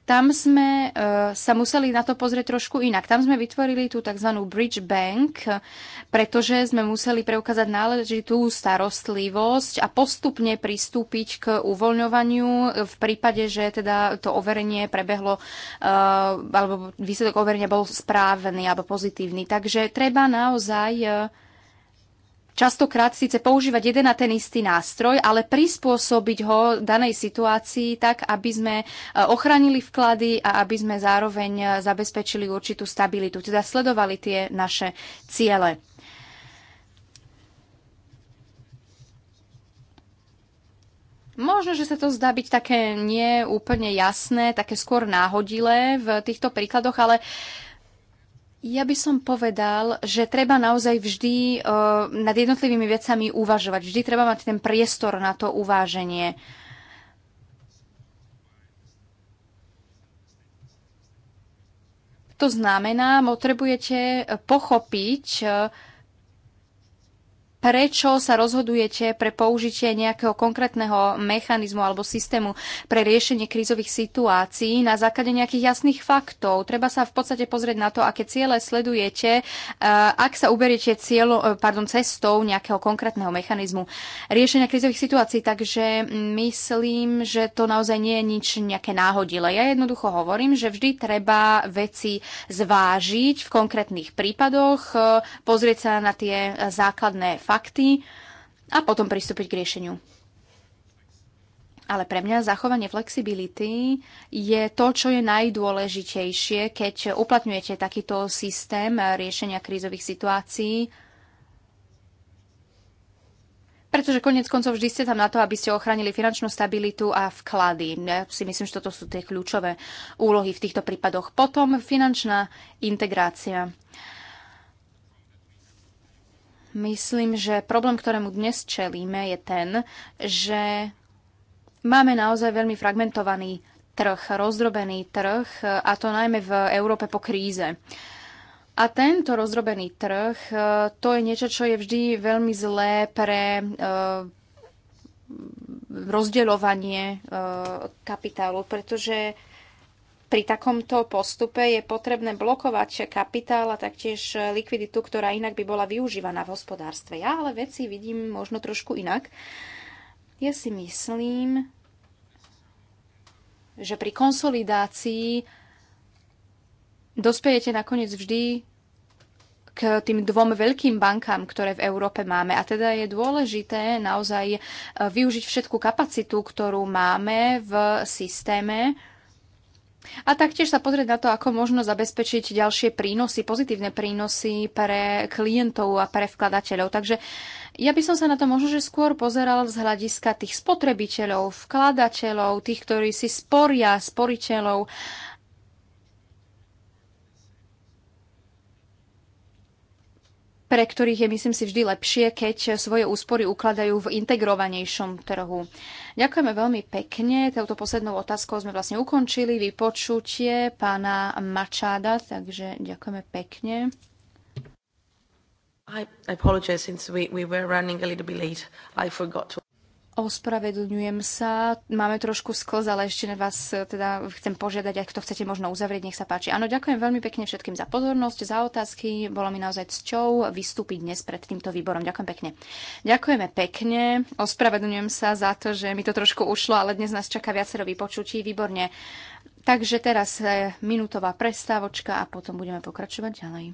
tam sme e, sa museli na to pozrieť trošku inak. Tam sme vytvorili tú tzv. bridge bank, e, pretože sme museli preukázať náležitú starostlivosť a postupne pristúpiť k uvoľňovaniu v prípade, že teda to overenie prebehlo, e, alebo výsledok overenia bol správny alebo pozitívny. Takže treba naozaj častokrát síce používať jeden a ten istý nástroj, ale prispôsobiť ho danej situácii tak, aby sme e, ochránili vklady a aby sme zároveň e, zabezpečili určitú stabilitu, teda sledovali tie naše ciele. Možno, že sa to zdá byť také nie úplne jasné, také skôr náhodilé v týchto príkladoch, ale uh, ja by som povedal, že treba naozaj vždy uh, nad jednotlivými vecami uvažovať. Vždy treba mať ten priestor na to uváženie. To znamená, potrebujete pochopiť, uh, prečo sa rozhodujete pre použitie nejakého konkrétneho mechanizmu alebo systému pre riešenie krízových situácií na základe nejakých jasných faktov. Treba sa v podstate pozrieť na to, aké ciele sledujete, e, ak sa uberiete cieľo, e, pardon, cestou nejakého konkrétneho mechanizmu riešenia krízových situácií. Takže myslím, že to naozaj nie je nič nejaké náhodile. Ja jednoducho hovorím, že vždy treba veci zvážiť v konkrétnych prípadoch, e, pozrieť sa na tie základné fakty, fakty a potom pristúpiť k riešeniu. Ale pre mňa zachovanie flexibility je to, čo je najdôležitejšie, keď uplatňujete takýto systém riešenia krízových situácií. Pretože konec koncov vždy ste tam na to, aby ste ochránili finančnú stabilitu a vklady. Ja si myslím, že toto sú tie kľúčové úlohy v týchto prípadoch. Potom finančná integrácia. Myslím, že problém, ktorému dnes čelíme, je ten, že máme naozaj veľmi fragmentovaný trh, rozdrobený trh, a to najmä v Európe po kríze. A tento rozdrobený trh, e, to je niečo, čo je vždy veľmi zlé pre e, rozdeľovanie e, kapitálu, pretože pri takomto postupe je potrebné blokovať kapitál a taktiež e, likviditu, ktorá inak by bola využívaná v hospodárstve. Ja ale veci vidím možno trošku inak. Ja si myslím, že pri konsolidácii dospejete nakoniec vždy k tým dvom veľkým bankám, ktoré v Európe máme. A teda je dôležité naozaj e, využiť všetku kapacitu, ktorú máme v systéme a taktiež sa pozrieť na to, ako možno zabezpečiť ďalšie prínosy, pozitívne prínosy pre klientov a pre vkladateľov. Takže ja by som sa na to možno, že skôr pozeral z hľadiska tých spotrebiteľov, vkladateľov, tých, ktorí si sporia, sporiteľov pre ktorých je, myslím si, vždy lepšie, keď svoje úspory ukladajú v integrovanejšom trhu. Ďakujeme veľmi pekne. Touto poslednou otázkou sme vlastne ukončili vypočutie pána Mačáda, takže ďakujeme pekne. I apologize since we, we were running a little bit late. I forgot to... Ospravedlňujem sa, máme trošku sklz, ale ešte na vás e, teda chcem požiadať, ak to chcete možno uzavrieť, nech sa páči. Áno, ďakujem veľmi pekne všetkým za pozornosť, za otázky. Bolo mi naozaj cťou vystúpiť dnes pred týmto výborom. Ďakujem pekne. Ďakujeme pekne, ospravedlňujem sa za to, že mi to trošku ušlo, ale dnes nás čaká viacero vypočutí. Výborne. Takže teraz e, minútová prestávočka a potom budeme pokračovať ďalej.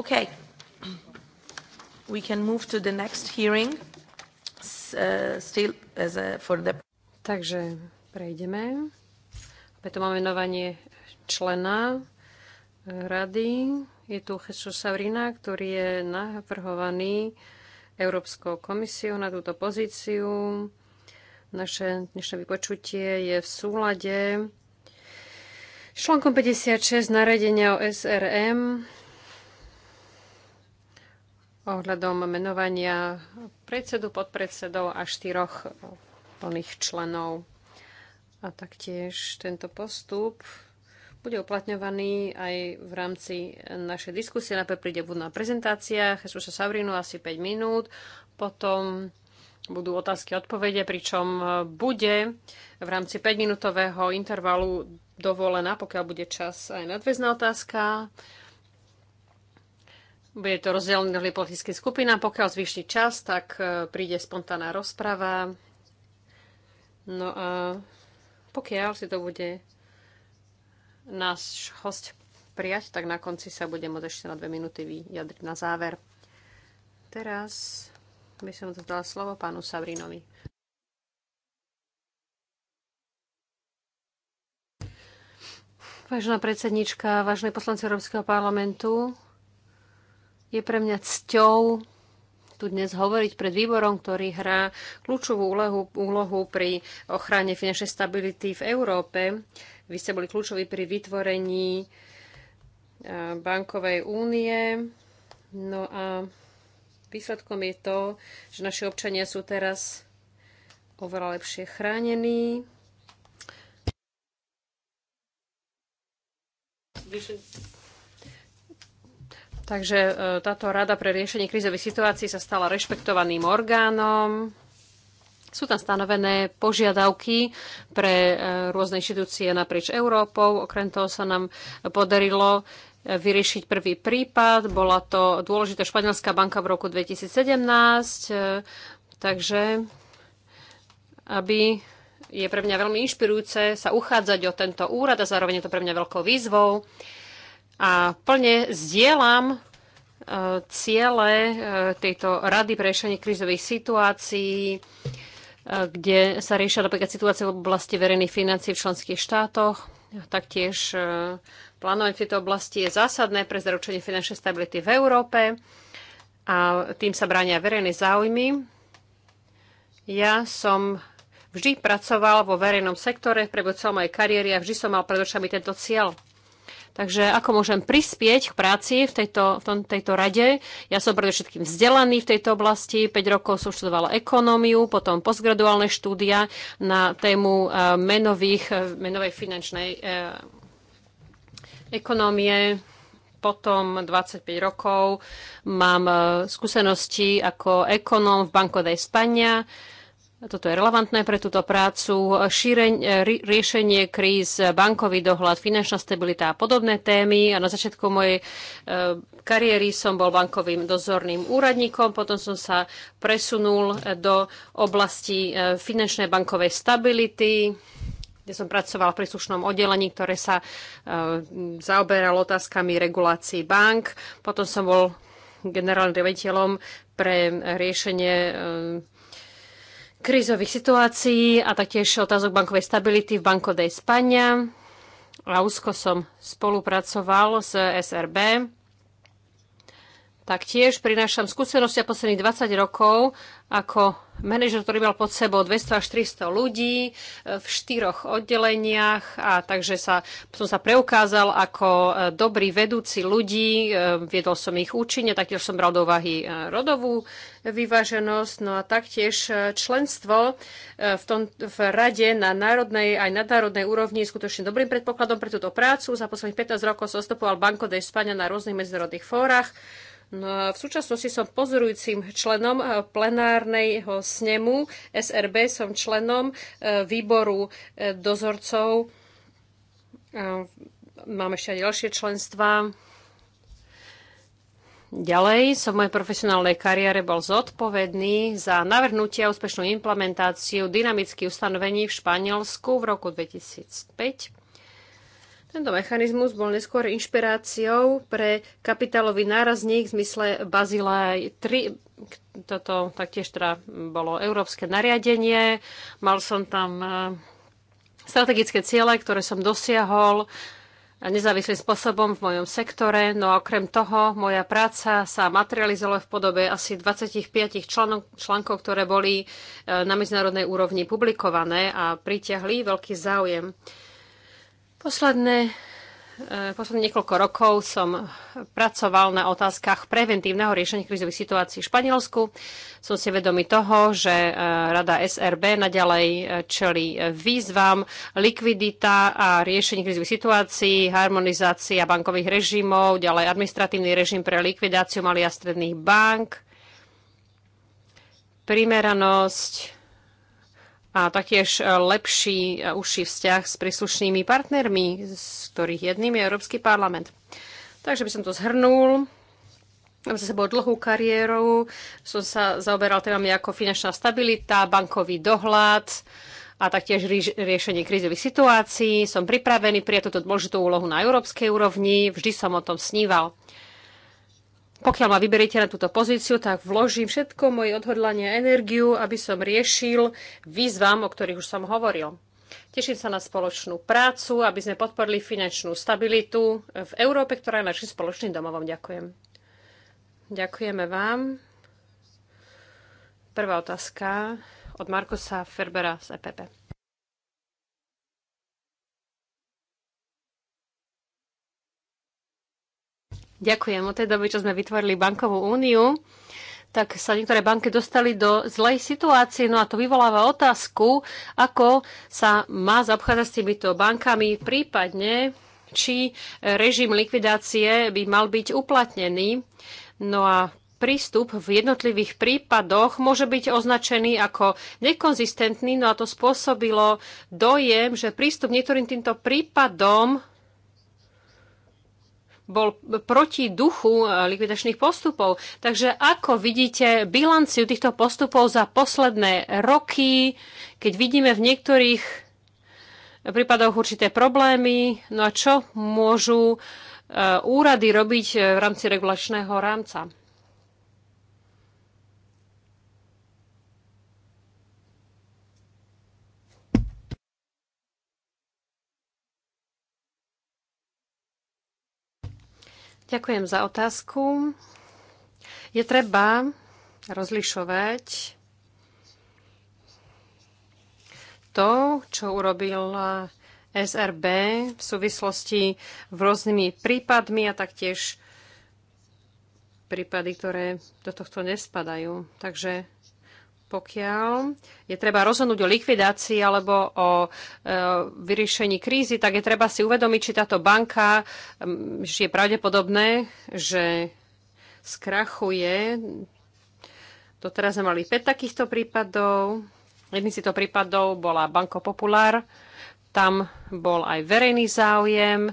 Okay. We can move to the next hearing. S, uh, still as a, for the... Takže prejdeme. Opäť tu máme novanie člena eh, rady. Je tu Jesus Savrina, ktorý je navrhovaný Európskou komisiou na túto pozíciu. Naše dnešné vypočutie je v súlade s článkom 56 naredenia o SRM ohľadom menovania predsedu, podpredsedov a štyroch plných členov. A taktiež tento postup bude uplatňovaný aj v rámci našej diskusie. Najprv príde budú na prezentáciách sa Savrinu asi 5 minút, potom budú otázky a odpovede, pričom bude v rámci 5-minútového intervalu dovolená, pokiaľ bude čas, aj nadväzná otázka. Bude to rozdelené do politické skupín pokiaľ zvýši čas, tak e, príde spontánna rozprava. No a pokiaľ si to bude náš host prijať, tak na konci sa bude môcť ešte na dve minúty vyjadriť na záver. Teraz by som dala slovo pánu Savrinovi. Vážená predsednička, vážne poslanci Európskeho parlamentu, je pre mňa cťou tu dnes hovoriť pred výborom, ktorý hrá kľúčovú úlohu, úlohu pri ochrane finančnej stability v Európe. Vy ste boli kľúčoví pri vytvorení e, bankovej únie. No a výsledkom je to, že naši občania sú teraz oveľa lepšie chránení. Vyšetko. Takže e, táto rada pre riešenie krízových situácií sa stala rešpektovaným orgánom. Sú tam stanovené požiadavky pre e, rôzne inštitúcie naprieč Európou. Okrem toho sa nám podarilo e, vyriešiť prvý prípad. Bola to dôležitá španielská banka v roku 2017. Takže aby je pre mňa veľmi inšpirujúce sa uchádzať o tento úrad a zároveň je to pre mňa veľkou výzvou. A plne zdieľam e, ciele e, tejto rady pre riešenie krizových situácií, e, kde sa riešia napríklad situácie v oblasti verejných financií v členských štátoch. Taktiež plánovanie v tejto oblasti je zásadné pre zaručenie finančnej stability v Európe a tým sa bránia verejné záujmy. Ja som vždy pracoval vo verejnom sektore v celom mojej kariéry a vždy som mal pred očami tento cieľ. Takže ako môžem prispieť k práci v tejto, v tom, tejto rade? Ja som predovšetkým vzdelaný v tejto oblasti. 5 rokov som študovala ekonómiu, potom postgraduálne štúdia na tému e, menových, e, menovej finančnej e, ekonómie. Potom 25 rokov mám skúsenosti ako ekonóm v Banco de España toto je relevantné pre túto prácu, šíreň, e, riešenie kríz, bankový dohľad, finančná stabilita a podobné témy. A na začiatku mojej e, kariéry som bol bankovým dozorným úradníkom, potom som sa presunul e, do oblasti finančnej bankovej stability, kde som pracovala v príslušnom oddelení, ktoré sa zaoberalo otázkami regulácií bank. Potom som bol generálnym riaditeľom pre riešenie krízových situácií a taktiež otázok bankovej stability v Banco de España. A úzko som spolupracoval s SRB tak tiež prinášam skúsenosti a posledných 20 rokov ako manažer, ktorý mal pod sebou 200 až 300 ľudí e, v štyroch oddeleniach a takže sa, som sa preukázal ako e, dobrý vedúci ľudí, e, viedol som ich účinne, taktiež som bral do úvahy rodovú vyváženosť, no a taktiež členstvo v, tom, v rade na národnej aj nadnárodnej úrovni je skutočne dobrým predpokladom pre túto prácu. Za posledných 15 rokov som zastupoval Banko de España na rôznych medzinárodných fórach No a v súčasnosti som pozorujúcim členom eh, plenárneho snemu SRB, som členom eh, výboru eh, dozorcov. Mám ešte aj ďalšie členstva. Ďalej som v mojej profesionálnej kariére bol zodpovedný za navrhnutie a úspešnú implementáciu dynamických ustanovení v Španielsku v roku 2005 tento mechanizmus bol neskôr inšpiráciou pre kapitálový nárazník v zmysle Bazila 3. Toto taktiež teda bolo európske nariadenie. Mal som tam e, strategické ciele, ktoré som dosiahol nezávislým spôsobom v mojom sektore. No a okrem toho, moja práca sa materializovala v podobe asi 25 článok, článkov, ktoré boli e, na medzinárodnej úrovni publikované a pritiahli veľký záujem. Posledné eh, posledných niekoľko rokov som pracoval na otázkach preventívneho riešenia krizových situácií v Španielsku. Som si vedomý toho, že eh, Rada SRB naďalej eh, čeli výzvam likvidita a riešenie krizových situácií, harmonizácia bankových režimov, ďalej administratívny režim pre likvidáciu malých a stredných bank, primeranosť a taktiež e, lepší a e, užší vzťah s príslušnými partnermi, z ktorých jedným je Európsky parlament. Takže by som to zhrnul. Mám za sebou dlhú kariéru, som sa zaoberal témami ako finančná stabilita, bankový dohľad a taktiež riešenie krízových situácií. Som pripravený prijať túto dôležitú úlohu na európskej úrovni, vždy som o tom sníval pokiaľ ma vyberiete na túto pozíciu, tak vložím všetko moje odhodlanie a energiu, aby som riešil výzvam, o ktorých už som hovoril. Teším sa na spoločnú prácu, aby sme podporili finančnú stabilitu v Európe, ktorá je našim spoločným domovom. Ďakujem. Ďakujeme vám. Prvá otázka od Markusa Ferbera z EPP. Ďakujem. Od tej doby, čo sme vytvorili bankovú úniu, tak sa niektoré banky dostali do zlej situácie. No a to vyvoláva otázku, ako sa má zaobchádzať s týmito bankami, prípadne či režim likvidácie by mal byť uplatnený. No a prístup v jednotlivých prípadoch môže byť označený ako nekonzistentný, no a to spôsobilo dojem, že prístup niektorým týmto prípadom bol proti duchu e, likvidačných postupov. Takže ako vidíte bilanciu týchto postupov za posledné roky, keď vidíme v niektorých prípadoch určité problémy, no a čo môžu e, úrady robiť e, v rámci regulačného rámca? Ďakujem za otázku. Je treba rozlišovať to, čo urobila SRB v súvislosti v rôznymi prípadmi a taktiež prípady, ktoré do tohto nespadajú. Takže pokiaľ je treba rozhodnúť o likvidácii alebo o e, vyriešení krízy, tak je treba si uvedomiť, či táto banka, či je pravdepodobné, že skrachuje. Doteraz sme mali 5 takýchto prípadov. Jedným z týchto prípadov bola Banko Popular. Tam bol aj verejný záujem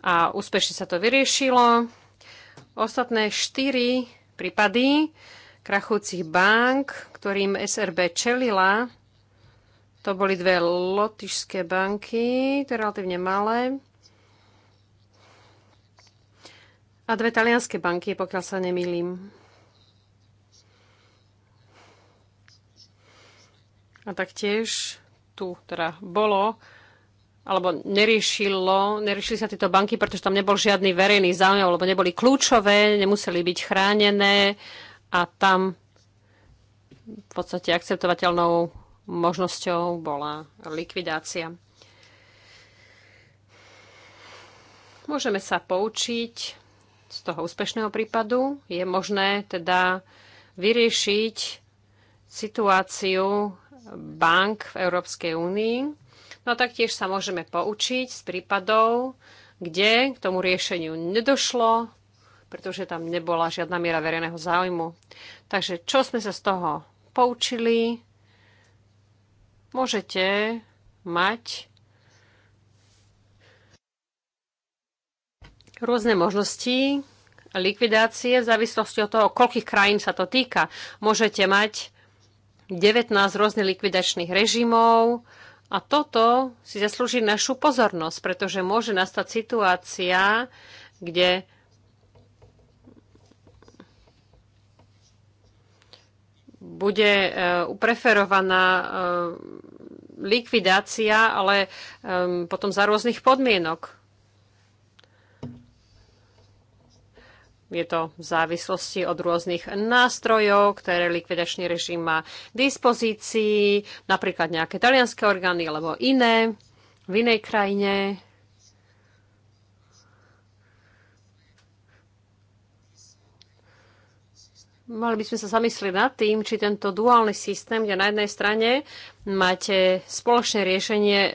a úspešne sa to vyriešilo. Ostatné 4 prípady krachujúcich bank, ktorým SRB čelila. To boli dve lotišské banky, to relatívne malé. A dve talianské banky, pokiaľ sa nemýlim. A taktiež tu teda bolo, alebo neriešilo, neriešili sa tieto banky, pretože tam nebol žiadny verejný záujem, alebo neboli kľúčové, nemuseli byť chránené a tam v podstate akceptovateľnou možnosťou bola likvidácia. Môžeme sa poučiť z toho úspešného prípadu. Je možné teda vyriešiť situáciu bank v Európskej únii. No a taktiež sa môžeme poučiť z prípadov, kde k tomu riešeniu nedošlo pretože tam nebola žiadna miera verejného záujmu. Takže čo sme sa z toho poučili? Môžete mať rôzne možnosti likvidácie v závislosti od toho, koľkých krajín sa to týka. Môžete mať 19 rôznych likvidačných režimov a toto si zaslúži našu pozornosť, pretože môže nastať situácia, kde bude upreferovaná e, e, likvidácia, ale e, potom za rôznych podmienok. Je to v závislosti od rôznych nástrojov, ktoré likvidačný režim má dispozícii, napríklad nejaké talianské orgány alebo iné v inej krajine. mali by sme sa zamyslieť nad tým, či tento duálny systém, kde na jednej strane máte spoločné riešenie e,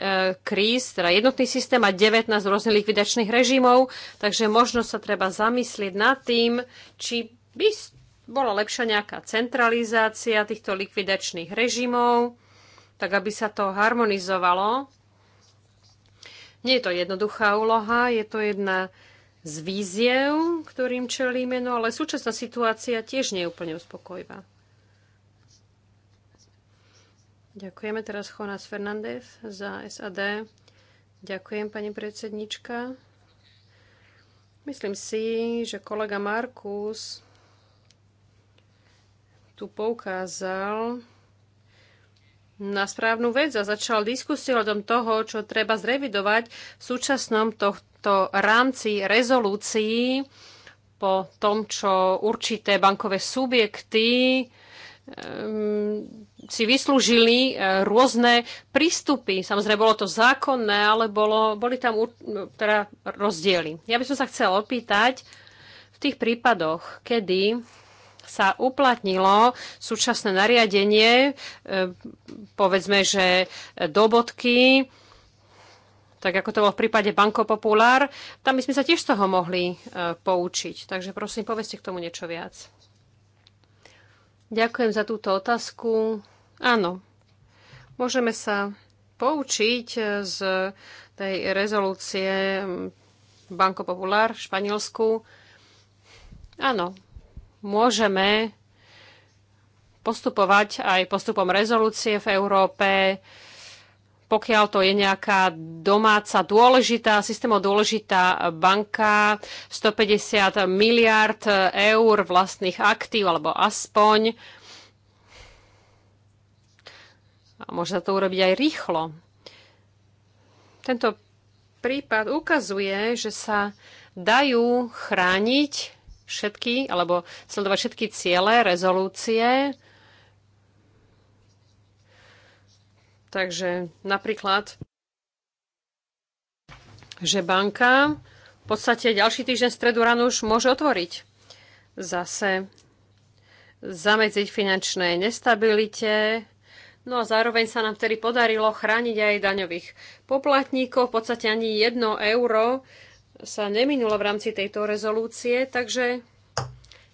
kríz, teda jednotný systém a 19 rôznych likvidačných režimov, takže možno sa treba zamyslieť nad tým, či by bola lepšia nejaká centralizácia týchto likvidačných režimov, tak aby sa to harmonizovalo. Nie je to jednoduchá úloha, je to jedna z víziev, ktorým čelíme, no ale súčasná situácia tiež nie je úplne uspokojivá. Ďakujeme teraz Jonas Fernández za SAD. Ďakujem, pani predsednička. Myslím si, že kolega Markus tu poukázal na správnu vec a začal diskusiu o tom toho, čo treba zrevidovať v súčasnom to, to rámci rezolúcií po tom, čo určité bankové subjekty ehm, si vyslúžili eh, rôzne prístupy. Samozrejme, bolo to zákonné, ale bolo, boli tam teda rozdiely. Ja by som sa chcela opýtať, v tých prípadoch, kedy sa uplatnilo súčasné nariadenie, eh, povedzme, že do bodky, tak ako to bolo v prípade Banko Populár, tam by sme sa tiež z toho mohli e, poučiť. Takže prosím, povedzte k tomu niečo viac. Ďakujem za túto otázku. Áno, môžeme sa poučiť e, z tej rezolúcie Banko Popular v Španielsku. Áno, môžeme postupovať aj postupom rezolúcie v Európe, pokiaľ to je nejaká domáca dôležitá, systémo dôležitá banka, 150 miliard eur vlastných aktív, alebo aspoň. A môže to urobiť aj rýchlo. Tento prípad ukazuje, že sa dajú chrániť všetky, alebo sledovať všetky ciele, rezolúcie, Takže napríklad, že banka v podstate ďalší týždeň stredu ráno už môže otvoriť. Zase zamedziť finančnej nestabilite, No a zároveň sa nám tedy podarilo chrániť aj daňových poplatníkov. V podstate ani jedno euro sa neminulo v rámci tejto rezolúcie, takže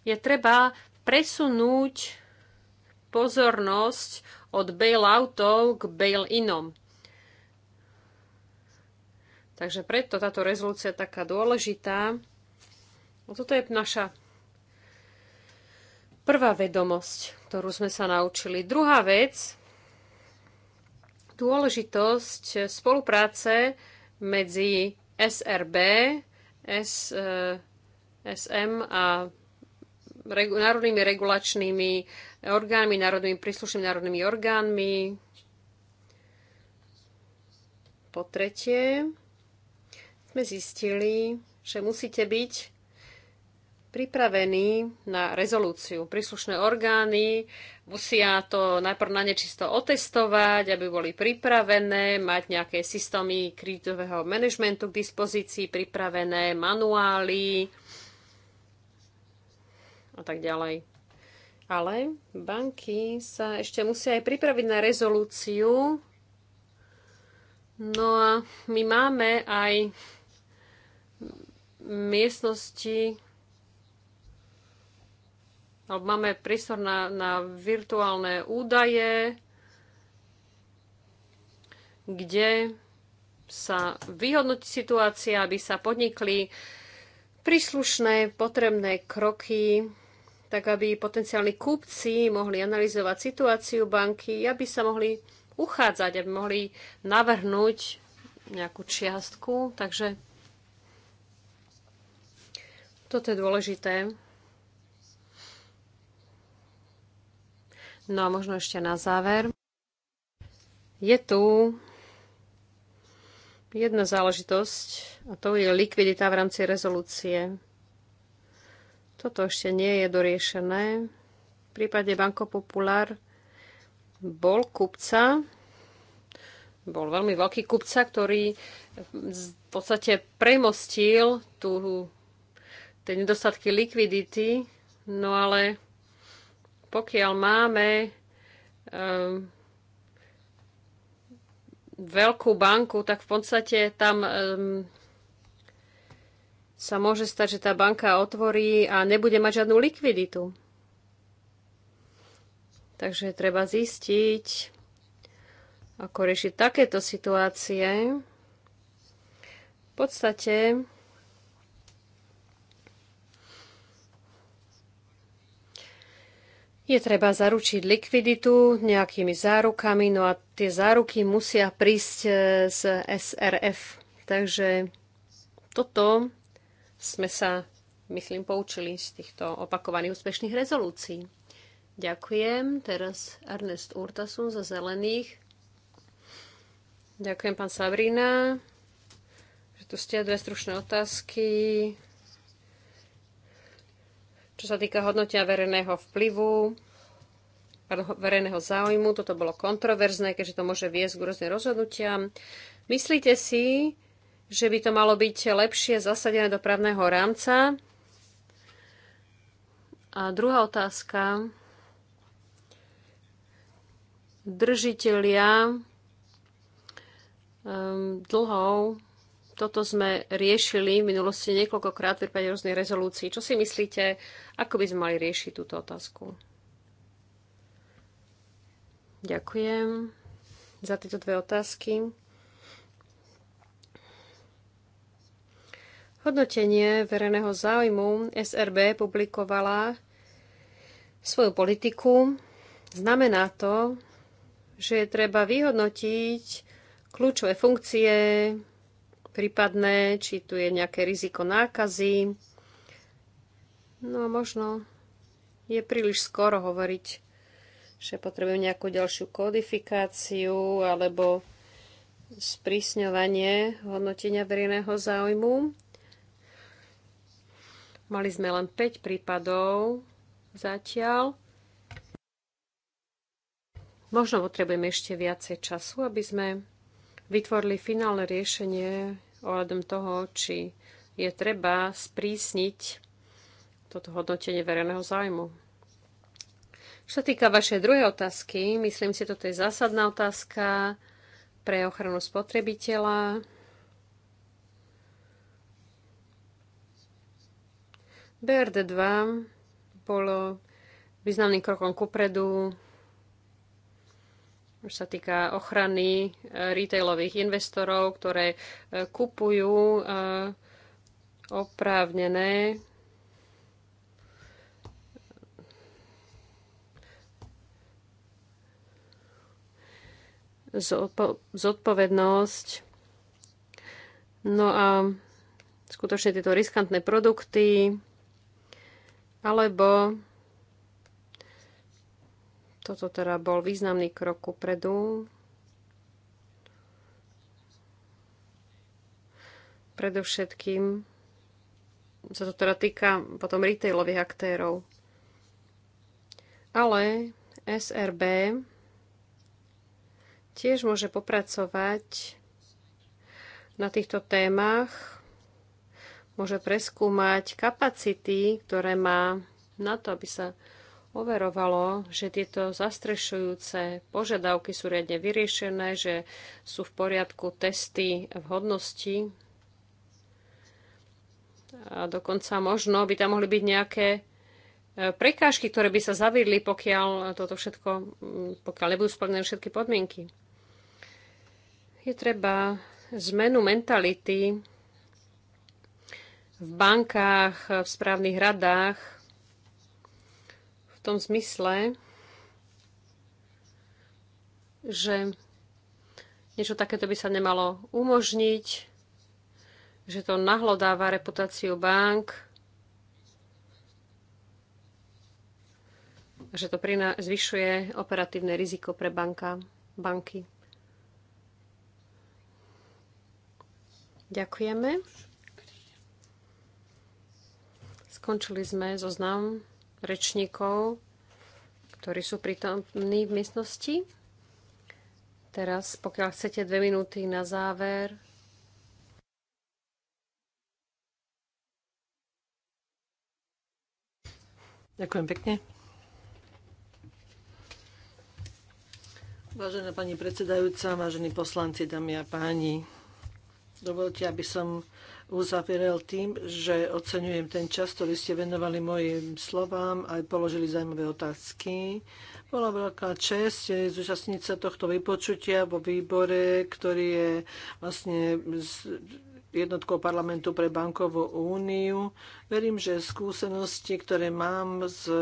je treba presunúť pozornosť od bail-outov k bail-inom. Takže preto táto rezolúcia je taká dôležitá. No toto je naša prvá vedomosť, ktorú sme sa naučili. Druhá vec, dôležitosť spolupráce medzi SRB, S, SM eh, a regu- národnými regulačnými orgánmi, národnými príslušnými národnými orgánmi. Po tretie, sme zistili, že musíte byť pripravení na rezolúciu. Príslušné orgány musia to najprv na nečisto otestovať, aby boli pripravené, mať nejaké systémy krízového manažmentu k dispozícii, pripravené manuály, a tak ďalej. Ale banky sa ešte musia aj pripraviť na rezolúciu. No a my máme aj miestnosti, alebo máme prístor na, na virtuálne údaje, kde sa vyhodnotí situácia, aby sa podnikli príslušné potrebné kroky tak aby potenciálni kúpci mohli analyzovať situáciu banky, aby sa mohli uchádzať, aby mohli navrhnúť nejakú čiastku. Takže toto je dôležité. No a možno ešte na záver. Je tu jedna záležitosť a to je likvidita v rámci rezolúcie. Toto ešte nie je doriešené. V prípade Banko Popular bol kupca, bol veľmi veľký kupca, ktorý v podstate premostil tú, tie nedostatky likvidity, no ale pokiaľ máme um, veľkú banku, tak v podstate tam um, sa môže stať, že tá banka otvorí a nebude mať žiadnu likviditu. Takže treba zistiť, ako riešiť takéto situácie. V podstate je treba zaručiť likviditu nejakými zárukami, no a tie záruky musia prísť e, z SRF. Takže toto sme sa, myslím, poučili z týchto opakovaných úspešných rezolúcií. Ďakujem. Teraz Ernest Urtasun za Zelených. Ďakujem, pán Sabrina. Že tu ste dve stručné otázky. Čo sa týka hodnotia verejného vplyvu, pardon, verejného záujmu, toto bolo kontroverzné, keďže to môže viesť k rôznym rozhodnutiam. Myslíte si, že by to malo byť lepšie zasadené do právneho rámca. A druhá otázka. Držiteľia um, ehm, dlhov. Toto sme riešili v minulosti niekoľkokrát v prípade rôznych rezolúcií. Čo si myslíte, ako by sme mali riešiť túto otázku? Ďakujem za tieto dve otázky. Hodnotenie verejného záujmu SRB publikovala svoju politiku. Znamená to, že je treba vyhodnotiť kľúčové funkcie, prípadné, či tu je nejaké riziko nákazy. No a možno je príliš skoro hovoriť, že potrebujem nejakú ďalšiu kodifikáciu alebo sprísňovanie hodnotenia verejného záujmu. Mali sme len 5 prípadov zatiaľ. Možno potrebujeme ešte viacej času, aby sme vytvorili finálne riešenie ohľadom toho, či je treba sprísniť toto hodnotenie verejného zájmu. Čo sa týka vašej druhej otázky, myslím si, toto je zásadná otázka pre ochranu spotrebiteľa. BRD2 bolo významným krokom kupredu, už sa týka ochrany e, retailových investorov, ktoré e, kupujú e, oprávnené zodpovednosť. No a skutočne tieto riskantné produkty alebo toto teda bol významný krok predu. Predovšetkým sa to teda týka potom retailových aktérov. Ale SRB tiež môže popracovať na týchto témach môže preskúmať kapacity, ktoré má na to, aby sa overovalo, že tieto zastrešujúce požiadavky sú riadne vyriešené, že sú v poriadku testy vhodnosti. A dokonca možno by tam mohli byť nejaké e, prekážky, ktoré by sa zaviedli, pokiaľ toto všetko, mm, pokiaľ nebudú splnené všetky podmienky. Je treba zmenu mentality v bankách, v správnych radách, v tom zmysle, že niečo takéto by sa nemalo umožniť, že to nahlodáva reputáciu bank, že to zvyšuje operatívne riziko pre banka, banky. Ďakujeme. Skončili sme zoznam rečníkov, ktorí sú prítomní v miestnosti. Teraz, pokiaľ chcete dve minúty na záver, Ďakujem pekne. Vážená pani predsedajúca, vážení poslanci, dámy a páni, dovolte, aby som uzavrel tým, že ocenujem ten čas, ktorý ste venovali mojim slovám a položili zaujímavé otázky. Bola veľká čest zúčastniť sa tohto vypočutia vo výbore, ktorý je vlastne jednotkou parlamentu pre bankovú úniu. Verím, že skúsenosti, ktoré mám z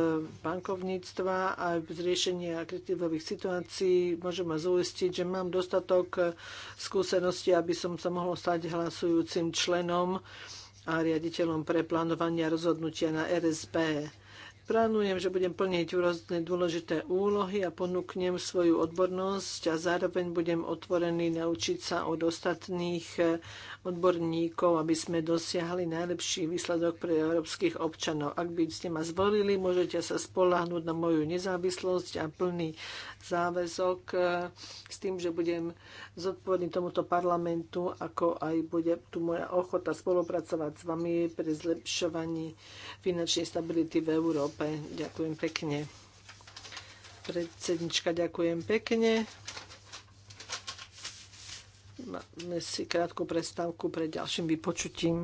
bankovníctva a z riešenia kritizových situácií, môžem ma zúistiť, že mám dostatok skúseností, aby som sa mohol stať hlasujúcim členom a riaditeľom pre plánovanie rozhodnutia na RSB. Plánujem, že budem plniť rôzne dôležité úlohy a ponúknem svoju odbornosť a zároveň budem otvorený naučiť sa od ostatných odborníkov, aby sme dosiahli najlepší výsledok pre európskych občanov. Ak by ste ma zvolili, môžete sa spolahnúť na moju nezávislosť a plný záväzok e, s tým, že budem zodpovedný tomuto parlamentu, ako aj bude tu moja ochota spolupracovať s vami pri zlepšovaní finančnej stability v Európe. Ďakujem pekne. Predsednička, ďakujem pekne. Máme si krátku prestávku pred ďalším vypočutím.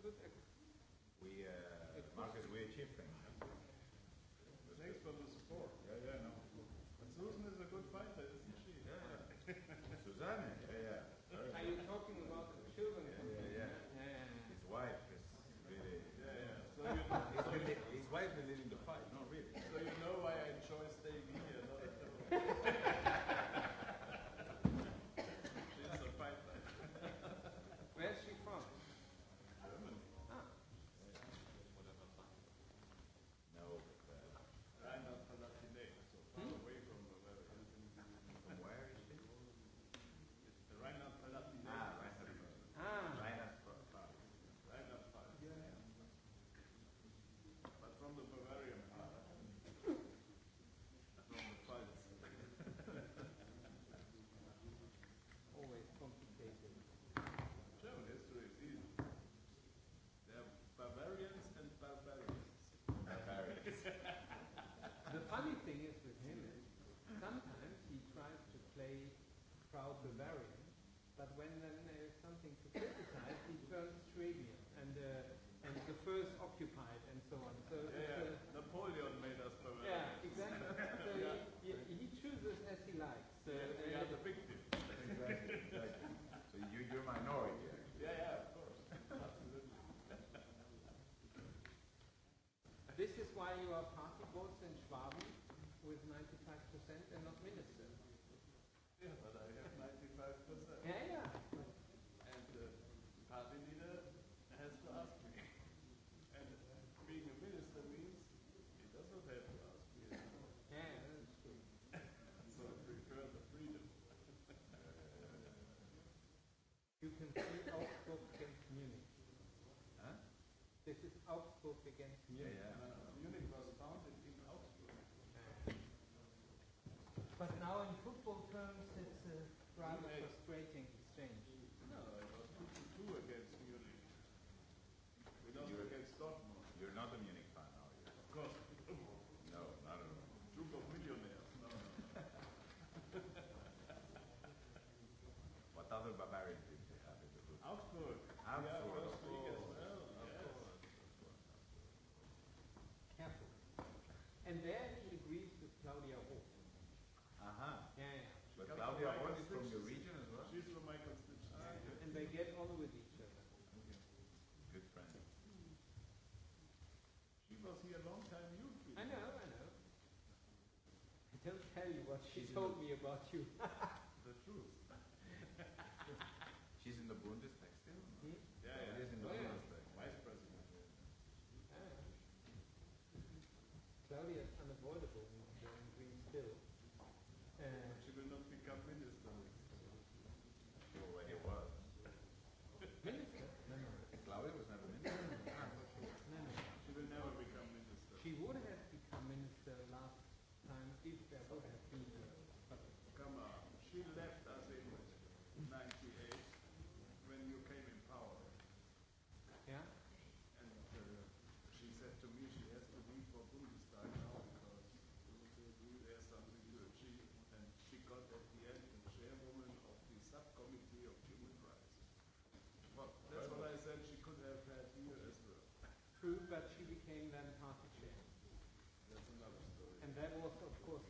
good echo. We, uh, it Marcus, we achieved things. Thanks for the support. Yeah, yeah, no. But Susan is a good fighter, isn't she? Yeah, yeah. Susanne. justify your party votes in Schwaben with 95% and not minister. Yeah, but I have 95%. Yeah, yeah. And the uh, party leader has to ask me. And uh, being a minister means he does not have to ask me. Anymore. Yeah, that's true. so I prefer the freedom. you can see Augsburg against Munich. Huh? This is Augsburg against Munich. Yeah, yeah. demonstrating she told me about you. the truth. She's in the Bundestag still? No? Hmm? Yeah, yeah. Oh, yeah.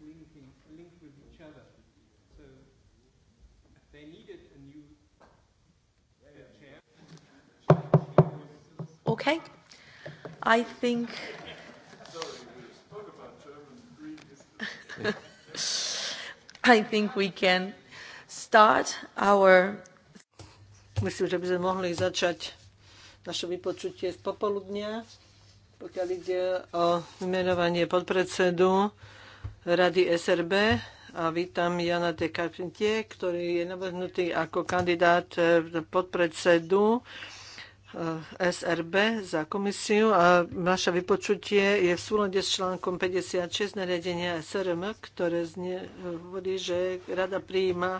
linking, linked with each other. So they needed a new uh, chair. Okay. I think. I think we can start our... Myslím, že by sme mohli začať naše vypočutie z popoludnia, pokiaľ ide o vymenovanie podpredsedu Rady SRB a vítam Jana de Carpentier, ktorý je navrhnutý ako kandidát eh, podpredsedu Eh, SRB za komisiu a vaše vypočutie je v súlade s článkom 56 nariadenia SRM, ktoré zne, eh, hovorí, že rada prijíma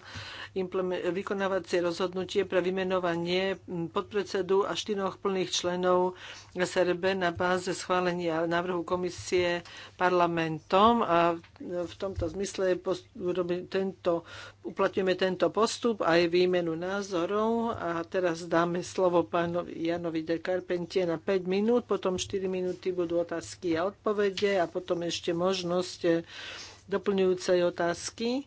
vykonávacie rozhodnutie pre vymenovanie hm, podpredsedu a štyroch plných členov SRB na báze schválenia návrhu komisie parlamentom a eh, v tomto zmysle tento, uplatňujeme tento postup aj výmenu názorov a teraz dáme slovo pánovi Janovi de Carpentier na 5 minút, potom 4 minúty budú otázky a odpovede a potom ešte možnosť e, doplňujúcej otázky.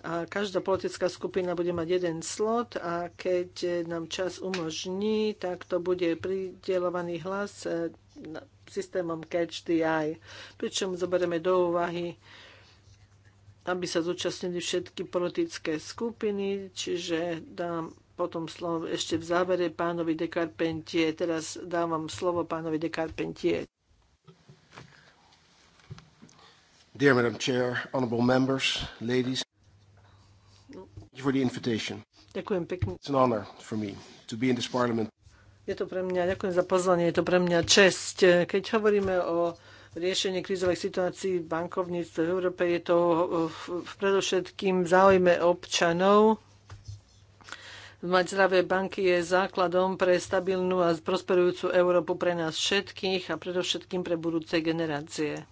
A každá politická skupina bude mať jeden slot a keď e, nám čas umožní, tak to bude pridelovaný hlas e, systémom Catch the Eye, pričom zoberieme do úvahy aby sa zúčastnili všetky politické skupiny, čiže dám potom slovo ešte v závere pánovi de Carpentier. Teraz dávam slovo pánovi de Carpentier. Dear Madam Chair, honorable members, ladies, no. thank you for the invitation. Ďakujem pekne. It's an honor for me to be in this parliament. Je to pre mňa, ďakujem za pozvanie, je to pre mňa čest. Keď hovoríme o riešení krízových situácií v bankovníctve v Európe, je to v predovšetkým záujme občanov, mať zdravé banky je základom pre stabilnú a prosperujúcu Európu pre nás všetkých a predovšetkým pre budúce generácie.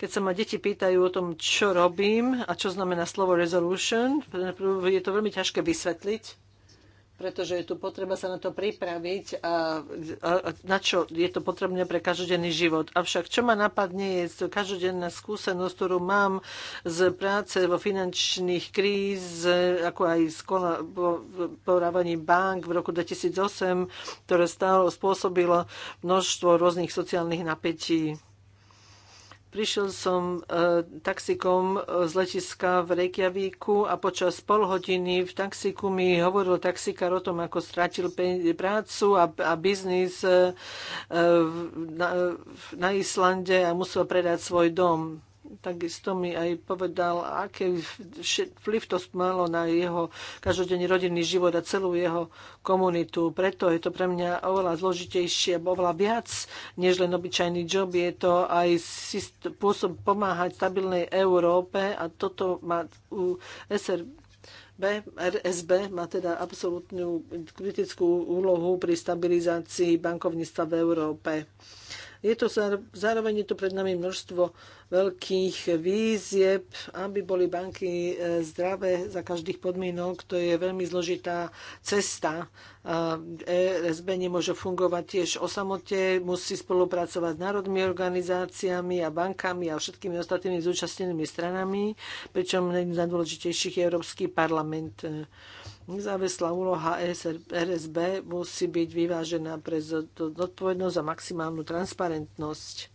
Keď sa ma deti pýtajú o tom, čo robím a čo znamená slovo resolution, je to veľmi ťažké vysvetliť pretože je tu potreba sa na to pripraviť a, a, a na čo je to potrebné pre každodenný život. Avšak čo ma napadne je každodenná skúsenosť, ktorú mám z práce vo finančných kríz, ako aj z porávaní bank v roku 2008, ktoré stále spôsobilo množstvo rôznych sociálnych napätí. Prišiel som e, taxikom e, z letiska v Reykjavíku a počas pol hodiny v taxiku mi hovoril taxikár o tom, ako strátil prácu a, a biznis e, e na, na Islande a musel predať svoj dom. Takisto mi aj povedal, aký vplyv to malo na jeho každodenný rodinný život a celú jeho komunitu. Preto je to pre mňa oveľa zložitejšie, oveľa viac, než len obyčajný job. Je to aj spôsob pomáhať stabilnej Európe a toto má u SR B, RSB má teda absolútnu kritickú úlohu pri stabilizácii bankovníctva v Európe. Je to zároveň je to pred nami množstvo veľkých výzieb, aby boli banky e, zdravé za každých podmienok. To je veľmi zložitá cesta. ESB nemôže fungovať tiež o samote, musí spolupracovať s národnými organizáciami a bankami a všetkými ostatnými zúčastnenými stranami, pričom jedným z najdôležitejších je Európsky parlament. Nezávislá úloha RSB musí byť vyvážená pre zodpovednosť a maximálnu transparentnosť.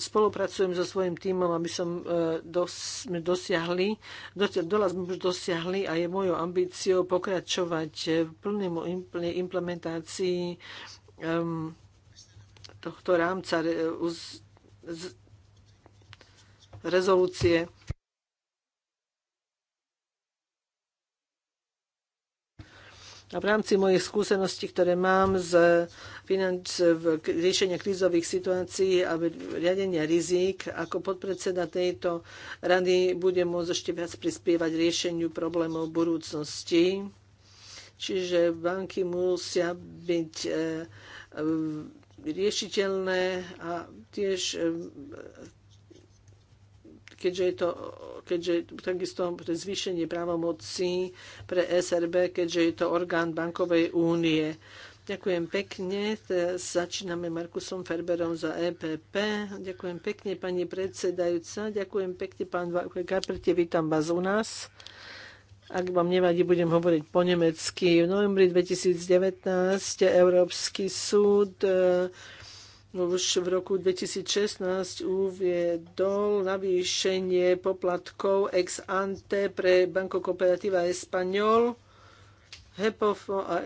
Spolupracujem so svojím tímom, aby som e, sme dosiahli, dola sme už dosiahli a je mojou ambíciou pokračovať v plným implementácii tohto rámca rezolúcie A v rámci mojich skúsenosti, ktoré mám z financ, v riešenia krízových situácií a riadenia rizík, ako podpredseda tejto rady budem môcť ešte viac prispievať riešeniu problémov budúcnosti. Čiže banky musia byť e, e, riešiteľné a tiež e, keďže je to keďže takisto zvýšenie právomocí pre SRB, keďže je to orgán bankovej únie. Ďakujem pekne. Teraz začíname Markusom Ferberom za EPP. Ďakujem pekne, pani predsedajúca. Ďakujem pekne, pán Gaprte, vítam vás u nás. Ak vám nevadí, budem hovoriť po nemecky. V novembri 2019 Európsky súd už v roku 2016 uviedol navýšenie poplatkov ex ante pre Banco Cooperativa Espanol. Hepofo, a,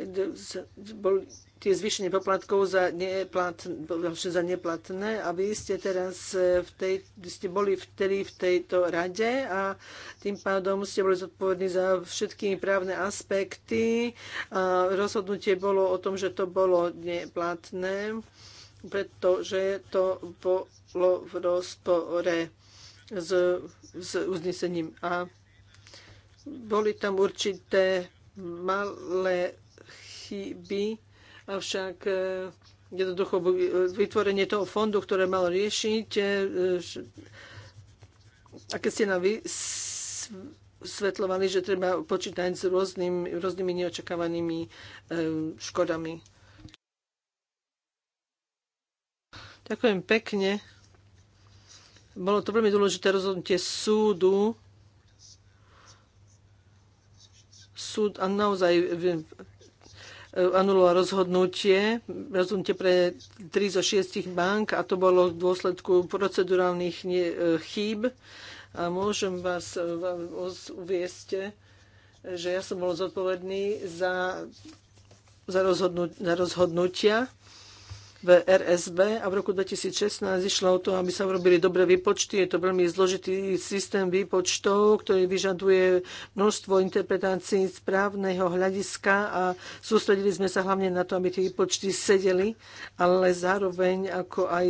bol tie zvýšenie poplatkov za, neplat, za neplatné a vy ste teraz v tej, ste boli vtedy v tejto rade a tým pádom ste boli zodpovední za všetky právne aspekty a rozhodnutie bolo o tom, že to bolo neplatné pretože to bolo v rozpore s, s uznesením A. Boli tam určité malé chyby, avšak e, jednoducho e, vytvorenie toho fondu, ktoré malo riešiť, e, a keď ste nám vysvetľovali, že treba počítať s rôznym, rôznymi neočakávanými škodami. Ďakujem pekne. Bolo to veľmi dôležité rozhodnutie súdu. Súd a naozaj anuloval rozhodnutie, rozhodnutie pre 3 zo 6 bank a to bolo v dôsledku procedurálnych e, chýb. A môžem vás, e, vás uviesť, e, že ja som bol zodpovedný za, za, rozhodnu, za rozhodnutia v RSB a v roku 2016 išlo o to, aby sa urobili dobré výpočty. Je to veľmi zložitý systém výpočtov, ktorý vyžaduje množstvo interpretácií správneho hľadiska a sústredili sme sa hlavne na to, aby tie výpočty sedeli, ale zároveň, ako aj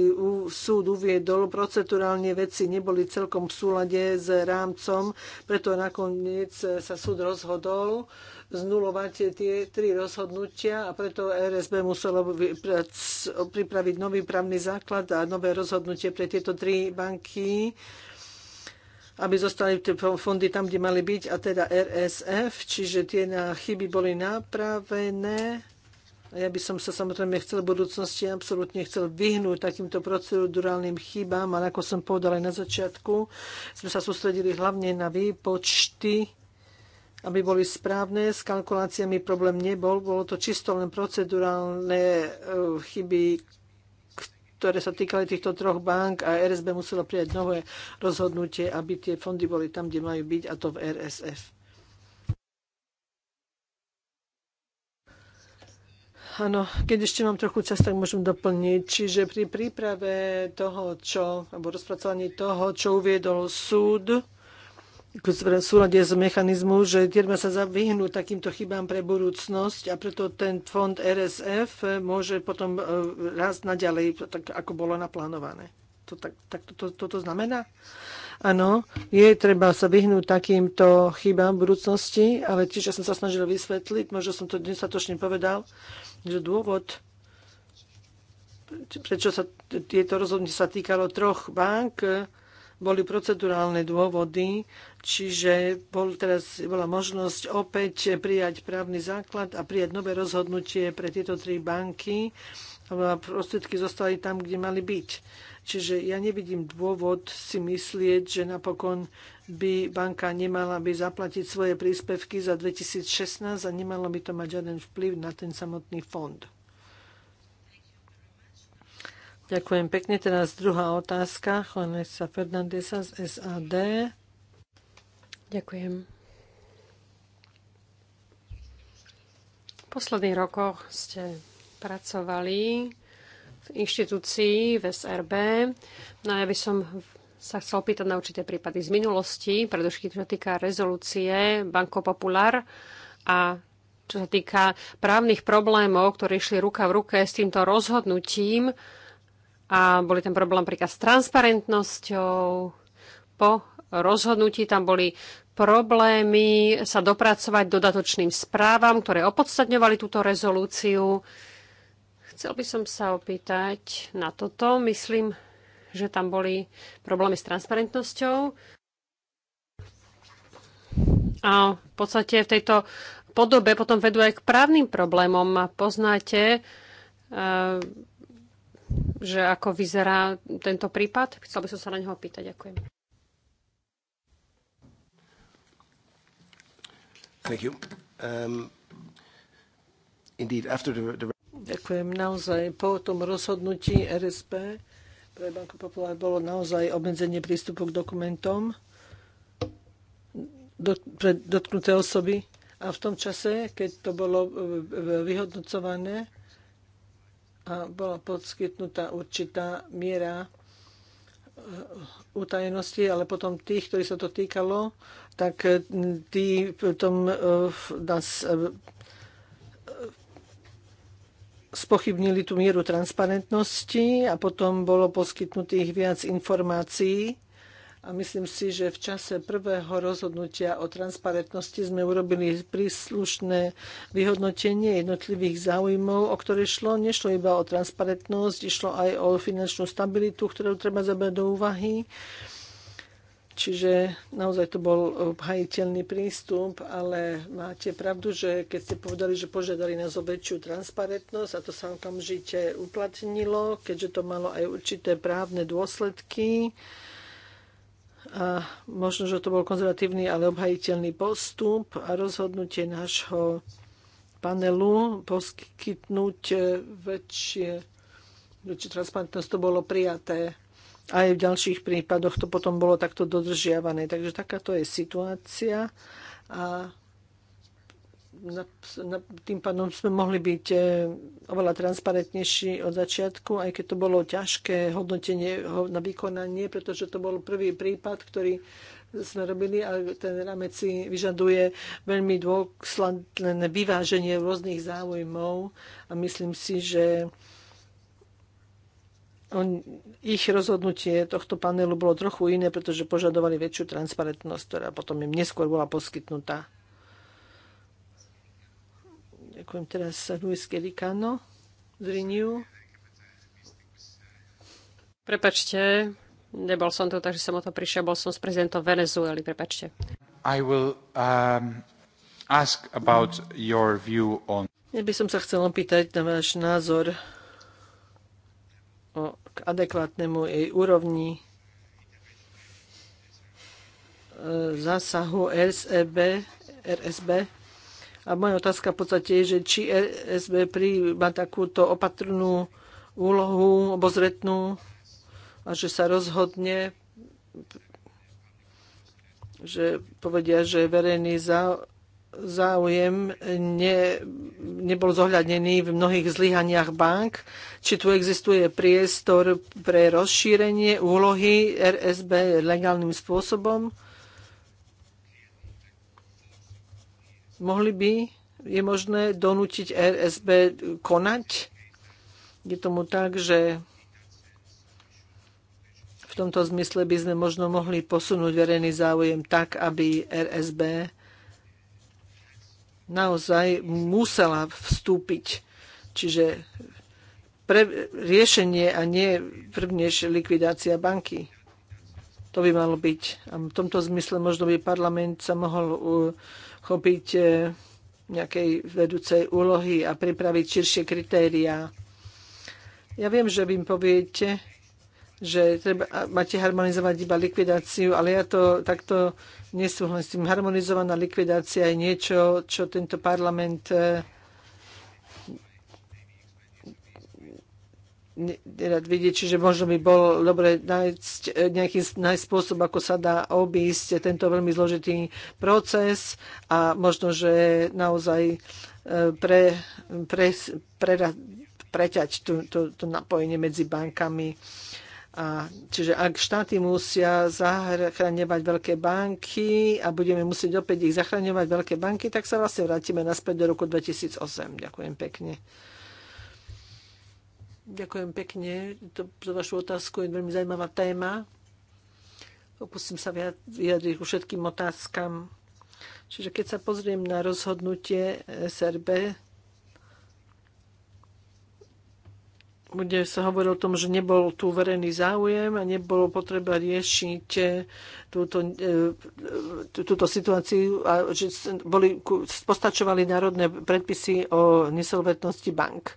súd uviedol, procedurálne veci neboli celkom v súlade s rámcom, preto nakoniec sa súd rozhodol, znulovať tie tri rozhodnutia a preto RSB muselo pripraviť nový právny základ a nové rozhodnutie pre tieto tri banky aby zostali tie fondy tam, kde mali byť, a teda RSF, čiže tie chyby boli napravené. Ja by som sa samozrejme chcel v budúcnosti absolútne chcel vyhnúť takýmto procedurálnym chybám, ale ako som povedal aj na začiatku, sme sa sústredili hlavne na výpočty aby boli správne. S kalkuláciami problém nebol, bolo to čisto len procedurálne e, chyby, ktoré sa týkali týchto troch bank a RSB muselo prijať nové rozhodnutie, aby tie fondy boli tam, kde majú byť, a to v RSF. Áno, keď ešte mám trochu čas, tak môžem doplniť. Čiže pri príprave toho, čo, alebo rozpracovaní toho, čo uviedol súd, v z mechanizmu, že tieľme sa vyhnúť takýmto chybám pre budúcnosť a preto ten fond RSF môže potom e, rásť naďalej, tak ako bolo naplánované. To, tak, tak to, to, toto znamená? Áno, je treba sa vyhnúť takýmto chybám v budúcnosti, ale tiež ja som sa snažil vysvetliť, možno som to nedostatočne povedal, že dôvod, prečo sa tieto rozhodnutie sa týkalo troch bank, boli procedurálne dôvody, čiže bol teraz, bola možnosť opäť prijať právny základ a prijať nové rozhodnutie pre tieto tri banky a prostriedky zostali tam, kde mali byť. Čiže ja nevidím dôvod si myslieť, že napokon by banka nemala by zaplatiť svoje príspevky za 2016 a nemalo by to mať žiaden vplyv na ten samotný fond. Ďakujem pekne. Teraz druhá otázka. Juanesa Fernandesa z SAD. Ďakujem. V posledných rokoch ste pracovali v inštitúcii v SRB. No a ja by som sa chcel pýtať na určité prípady z minulosti, predovšetkým čo sa týka rezolúcie Banco Popular a čo sa týka právnych problémov, ktoré išli ruka v ruke s týmto rozhodnutím, a boli tam problém príklad s transparentnosťou. Po rozhodnutí tam boli problémy sa dopracovať dodatočným správam, ktoré opodstatňovali túto rezolúciu. Chcel by som sa opýtať na toto. Myslím, že tam boli problémy s transparentnosťou. A v podstate v tejto podobe potom vedú aj k právnym problémom. Poznáte eh, že ako vyzerá tento prípad. Chcel by som sa na neho pýtať. Ďakujem. Thank you. Um, indeed, after the, the... Ďakujem naozaj. Po tom rozhodnutí RSP pre Banku Populár bolo naozaj obmedzenie prístupu k dokumentom do, pre dotknuté osoby. A v tom čase, keď to bolo e, e, vyhodnocované, a bola podskytnutá určitá miera e, utajenosti, ale potom tých, ktorí sa to týkalo, tak e, tí potom e, nás spochybnili tú mieru transparentnosti a potom bolo poskytnutých viac informácií a myslím si, že v čase prvého rozhodnutia o transparentnosti sme urobili príslušné vyhodnotenie jednotlivých záujmov, o ktoré šlo. Nešlo iba o transparentnosť, išlo aj o finančnú stabilitu, ktorú treba zabrať do úvahy. Čiže naozaj to bol obhajiteľný prístup, ale máte pravdu, že keď ste povedali, že požiadali nás o väčšiu transparentnosť a to sa okamžite uplatnilo, keďže to malo aj určité právne dôsledky a možno, že to bol konzervatívny, ale obhajiteľný postup a rozhodnutie nášho panelu poskytnúť e, väčšie, väčšie transparentnosť, to bolo prijaté. Aj v ďalších prípadoch to potom bolo takto dodržiavané. Takže takáto je situácia. A tým pádom sme mohli byť e, oveľa transparentnejší od začiatku, aj keď to bolo ťažké hodnotenie na vykonanie, pretože to bol prvý prípad, ktorý sme robili, ale ten rámec si vyžaduje veľmi dôsledné vyváženie rôznych záujmov a myslím si, že on, ich rozhodnutie tohto panelu bolo trochu iné, pretože požadovali väčšiu transparentnosť, ktorá potom im neskôr bola poskytnutá. Ďakujem teraz Luis Gericano z Renew. Prepačte, nebol som tu, takže som o to prišiel, bol som s prezidentom Venezueli, prepačte. I will, um, ask about your view on... Ja by som sa chcel opýtať na váš názor o, k adekvátnemu jej úrovni e, zásahu RSB, e RSB a moja otázka v podstate je, že či SB príjma takúto opatrnú úlohu, obozretnú, a že sa rozhodne, že povedia, že verejný záujem ne, nebol zohľadnený v mnohých zlyhaniach bank. Či tu existuje priestor pre rozšírenie úlohy RSB legálnym spôsobom? mohli by, je možné donútiť RSB konať? Je tomu tak, že v tomto zmysle by sme možno mohli posunúť verejný záujem tak, aby RSB naozaj musela vstúpiť. Čiže pre, riešenie a nie prvnež likvidácia banky. To by malo byť. A v tomto zmysle možno by parlament sa mohol uh, chopiť e, nejakej vedúcej úlohy a pripraviť širšie kritériá. Ja viem, že vy poviete, že treba, máte harmonizovať iba likvidáciu, ale ja to takto nesúhlasím. Harmonizovaná likvidácia je niečo, čo tento parlament e, rád vidieť, čiže možno by bolo dobre nájsť eh, nejaký nájsť spôsob, ako sa dá obísť tento veľmi zložitý proces a možno, že naozaj eh, pre, pre, pre, preťať to, to, to napojenie medzi bankami. A, čiže ak štáty musia zachraňovať veľké banky a budeme musieť opäť ich zachraňovať veľké banky, tak sa vlastne vrátime naspäť do roku 2008. Ďakujem pekne. Ďakujem pekne. To, za vašu otázku je veľmi zaujímavá téma. Opustím sa vyjadriť ku všetkým otázkam. Čiže keď sa pozriem na rozhodnutie SRB, bude sa hovoriť o tom, že nebol tu verejný záujem a nebolo potreba riešiť eh, túto, eh, túto situáciu a že boli, postačovali národné predpisy o nesolvetnosti bank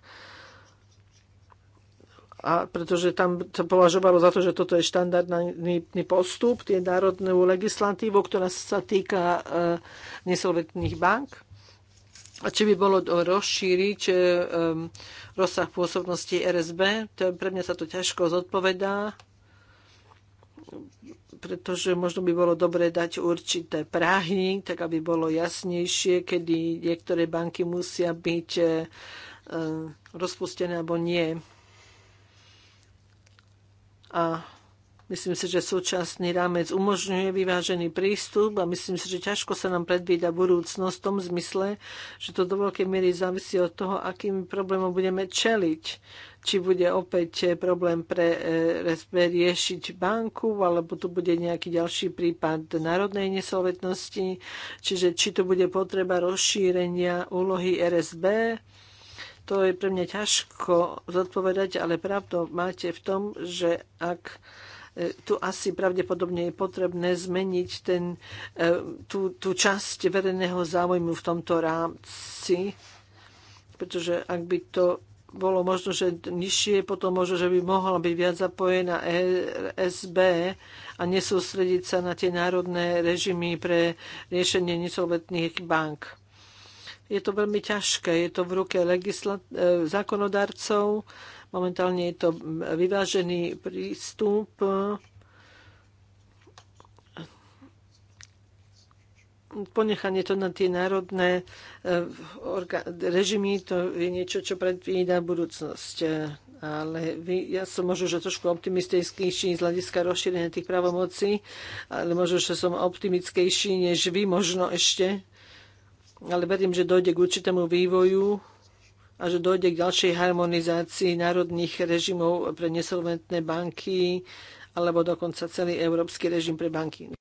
a pretože tam sa považovalo za to, že toto je štandardný postup, tie národnú legislatívu, ktorá sa týka e, nesolventných bank. A či by bolo rozšíriť e, rozsah pôsobnosti RSB, to pre mňa sa to ťažko zodpovedá, pretože možno by bolo dobre dať určité práhy, tak aby bolo jasnejšie, kedy niektoré banky musia byť e, rozpustené alebo nie a myslím si, že súčasný rámec umožňuje vyvážený prístup a myslím si, že ťažko sa nám predvída budúcnosť v tom zmysle, že to do veľkej miery závisí od toho, akým problémom budeme čeliť. Či bude opäť eh, problém pre eh, RSB riešiť banku, alebo tu bude nejaký ďalší prípad národnej nesolvetnosti, čiže či tu bude potreba rozšírenia úlohy RSB to je pre mňa ťažko zodpovedať, ale pravdu máte v tom, že ak e, tu asi pravdepodobne je potrebné zmeniť ten, e, tú, tú časť verejného záujmu v tomto rámci, pretože ak by to bolo možno, že nižšie, potom možno, že by mohla byť viac zapojená e SB a nesústrediť sa na tie národné režimy pre riešenie nesolvetných bank je to veľmi ťažké. Je to v ruke legisla- e, zákonodarcov. Momentálne je to vyvážený prístup. ponechanie to na tie národné e, režimy, to je niečo, čo predvída budúcnosť. Ale vy, ja som možno, že trošku optimistickejší z hľadiska rozšírenia tých právomocí, ale možno, že som optimickejší než vy možno ešte ale verím, že dojde k určitému vývoju a že dojde k ďalšej harmonizácii národných režimov pre nesolventné banky alebo dokonca celý európsky režim pre banky.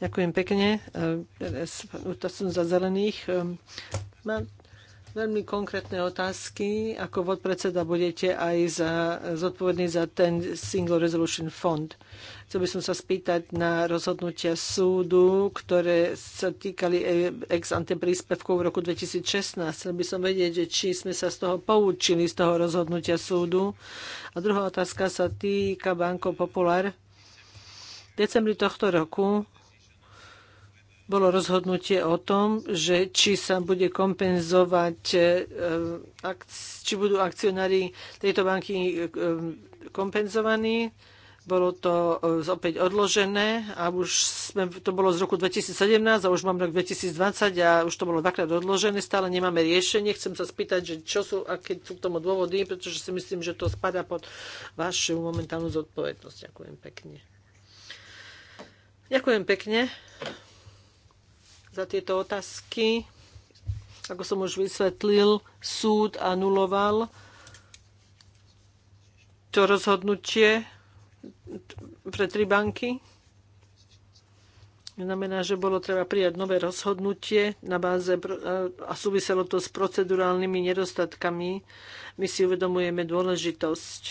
Ďakujem pekne. Eh, teraz som za zelených. Ehm, Mám veľmi konkrétne otázky. Ako podpredseda budete aj za, zodpovedný za ten Single Resolution Fund. Chcel by som sa spýtať na rozhodnutia súdu, ktoré sa týkali ex ante príspevkov v roku 2016. Chcel by som vedieť, či sme sa z toho poučili, z toho rozhodnutia súdu. A druhá otázka sa týka Banko Popular. V decembri tohto roku bolo rozhodnutie o tom, že či sa bude kompenzovať, e, či budú akcionári tejto banky e, kompenzovaní. Bolo to e, opäť odložené a už sme, to bolo z roku 2017 a už mám rok 2020 a už to bolo dvakrát odložené, stále nemáme riešenie. Chcem sa spýtať, že čo sú, aké sú k tomu dôvody, pretože si myslím, že to spada pod vašu momentálnu zodpovednosť. Ďakujem pekne. Ďakujem pekne za tieto otázky. Ako som už vysvetlil, súd anuloval to rozhodnutie pre tri banky. Znamená, že bolo treba prijať nové rozhodnutie na báze a súviselo to s procedurálnymi nedostatkami. My si uvedomujeme dôležitosť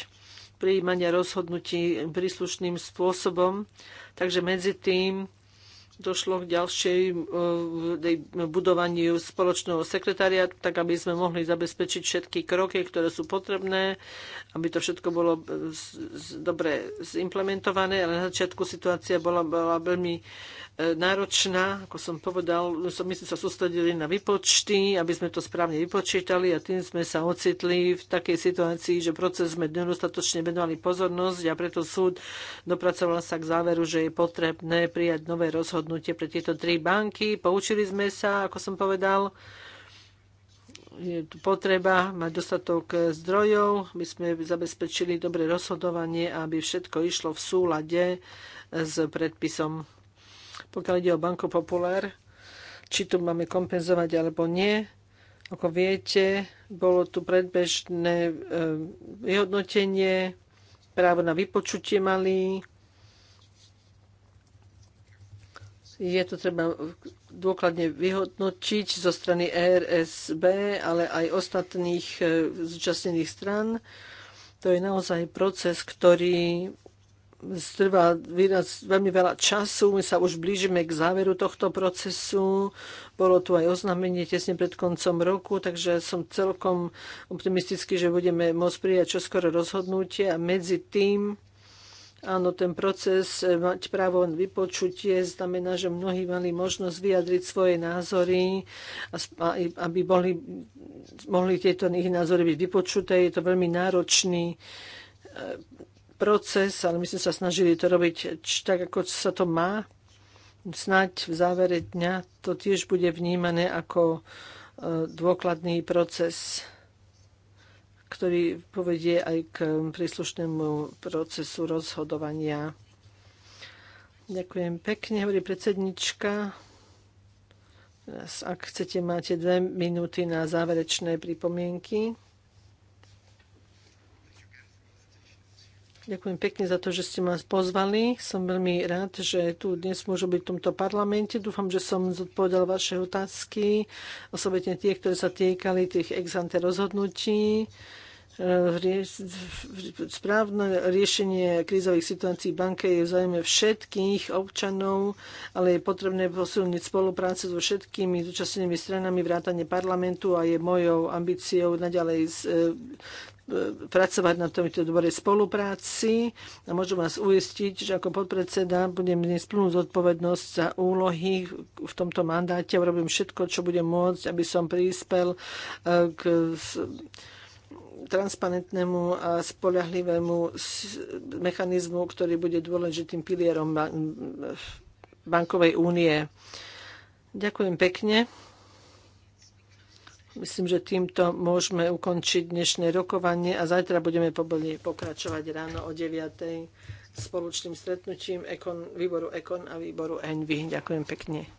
prijímania rozhodnutí príslušným spôsobom. Takže medzi tým došlo k ďalšej e, budovaniu spoločného sekretariátu, tak aby sme mohli zabezpečiť všetky kroky, ktoré sú potrebné, aby to všetko bolo e, dobre zimplementované. Ale na začiatku situácia bola, bola veľmi náročná, ako som povedal, my sme sa sústredili na vypočty, aby sme to správne vypočítali a tým sme sa ocitli v takej situácii, že proces sme nedostatočne venovali pozornosť a preto súd dopracoval sa k záveru, že je potrebné prijať nové rozhodnutie pre tieto tri banky. Poučili sme sa, ako som povedal, je tu potreba mať dostatok zdrojov. My sme zabezpečili dobré rozhodovanie, aby všetko išlo v súlade s predpisom pokiaľ ide o Banko Populár, či tu máme kompenzovať alebo nie. Ako viete, bolo tu predbežné e, vyhodnotenie, právo na vypočutie mali. Je to treba dôkladne vyhodnotiť zo strany RSB, ale aj ostatných e, zúčastnených stran. To je naozaj proces, ktorý trvá výraz, veľmi veľa času. My sa už blížime k záveru tohto procesu. Bolo tu aj oznámenie tesne pred koncom roku, takže som celkom optimistický, že budeme môcť prijať čoskoro rozhodnutie a medzi tým Áno, ten proces e, mať právo na vypočutie znamená, že mnohí mali možnosť vyjadriť svoje názory, aby boli, mohli tieto ich názory byť vypočuté. Je to veľmi náročný e, proces, ale my sme sa snažili to robiť tak, ako sa to má. Snaď v závere dňa to tiež bude vnímané ako e, dôkladný proces, ktorý povedie aj k príslušnému procesu rozhodovania. Ďakujem pekne, hovorí predsednička. ak chcete, máte dve minúty na záverečné pripomienky. Ďakujem pekne za to, že ste ma pozvali. Som veľmi rád, že tu dnes môžu byť v tomto parlamente. Dúfam, že som zodpovedal vaše otázky, osobitne tie, ktoré sa týkali tých exante rozhodnutí eh, správne riešenie krízových situácií banke je v zájme všetkých občanov, ale je potrebné posilniť spoluprácu so všetkými zúčastnenými stranami vrátane parlamentu a je mojou ambíciou naďalej eh, pracovať na tomto dobrej spolupráci a môžem vás uistiť, že ako podpredseda budem plnú zodpovednosť za úlohy v tomto mandáte. Robím všetko, čo budem môcť, aby som prispel e, k transparentnému a spolahlivému mechanizmu, ktorý bude dôležitým pilierom bankovej únie. Ďakujem pekne. Myslím, že týmto môžeme ukončiť dnešné rokovanie a zajtra budeme pokračovať ráno o 9. spoločným stretnutím Ekon, výboru Ekon a výboru Envy. Ďakujem pekne.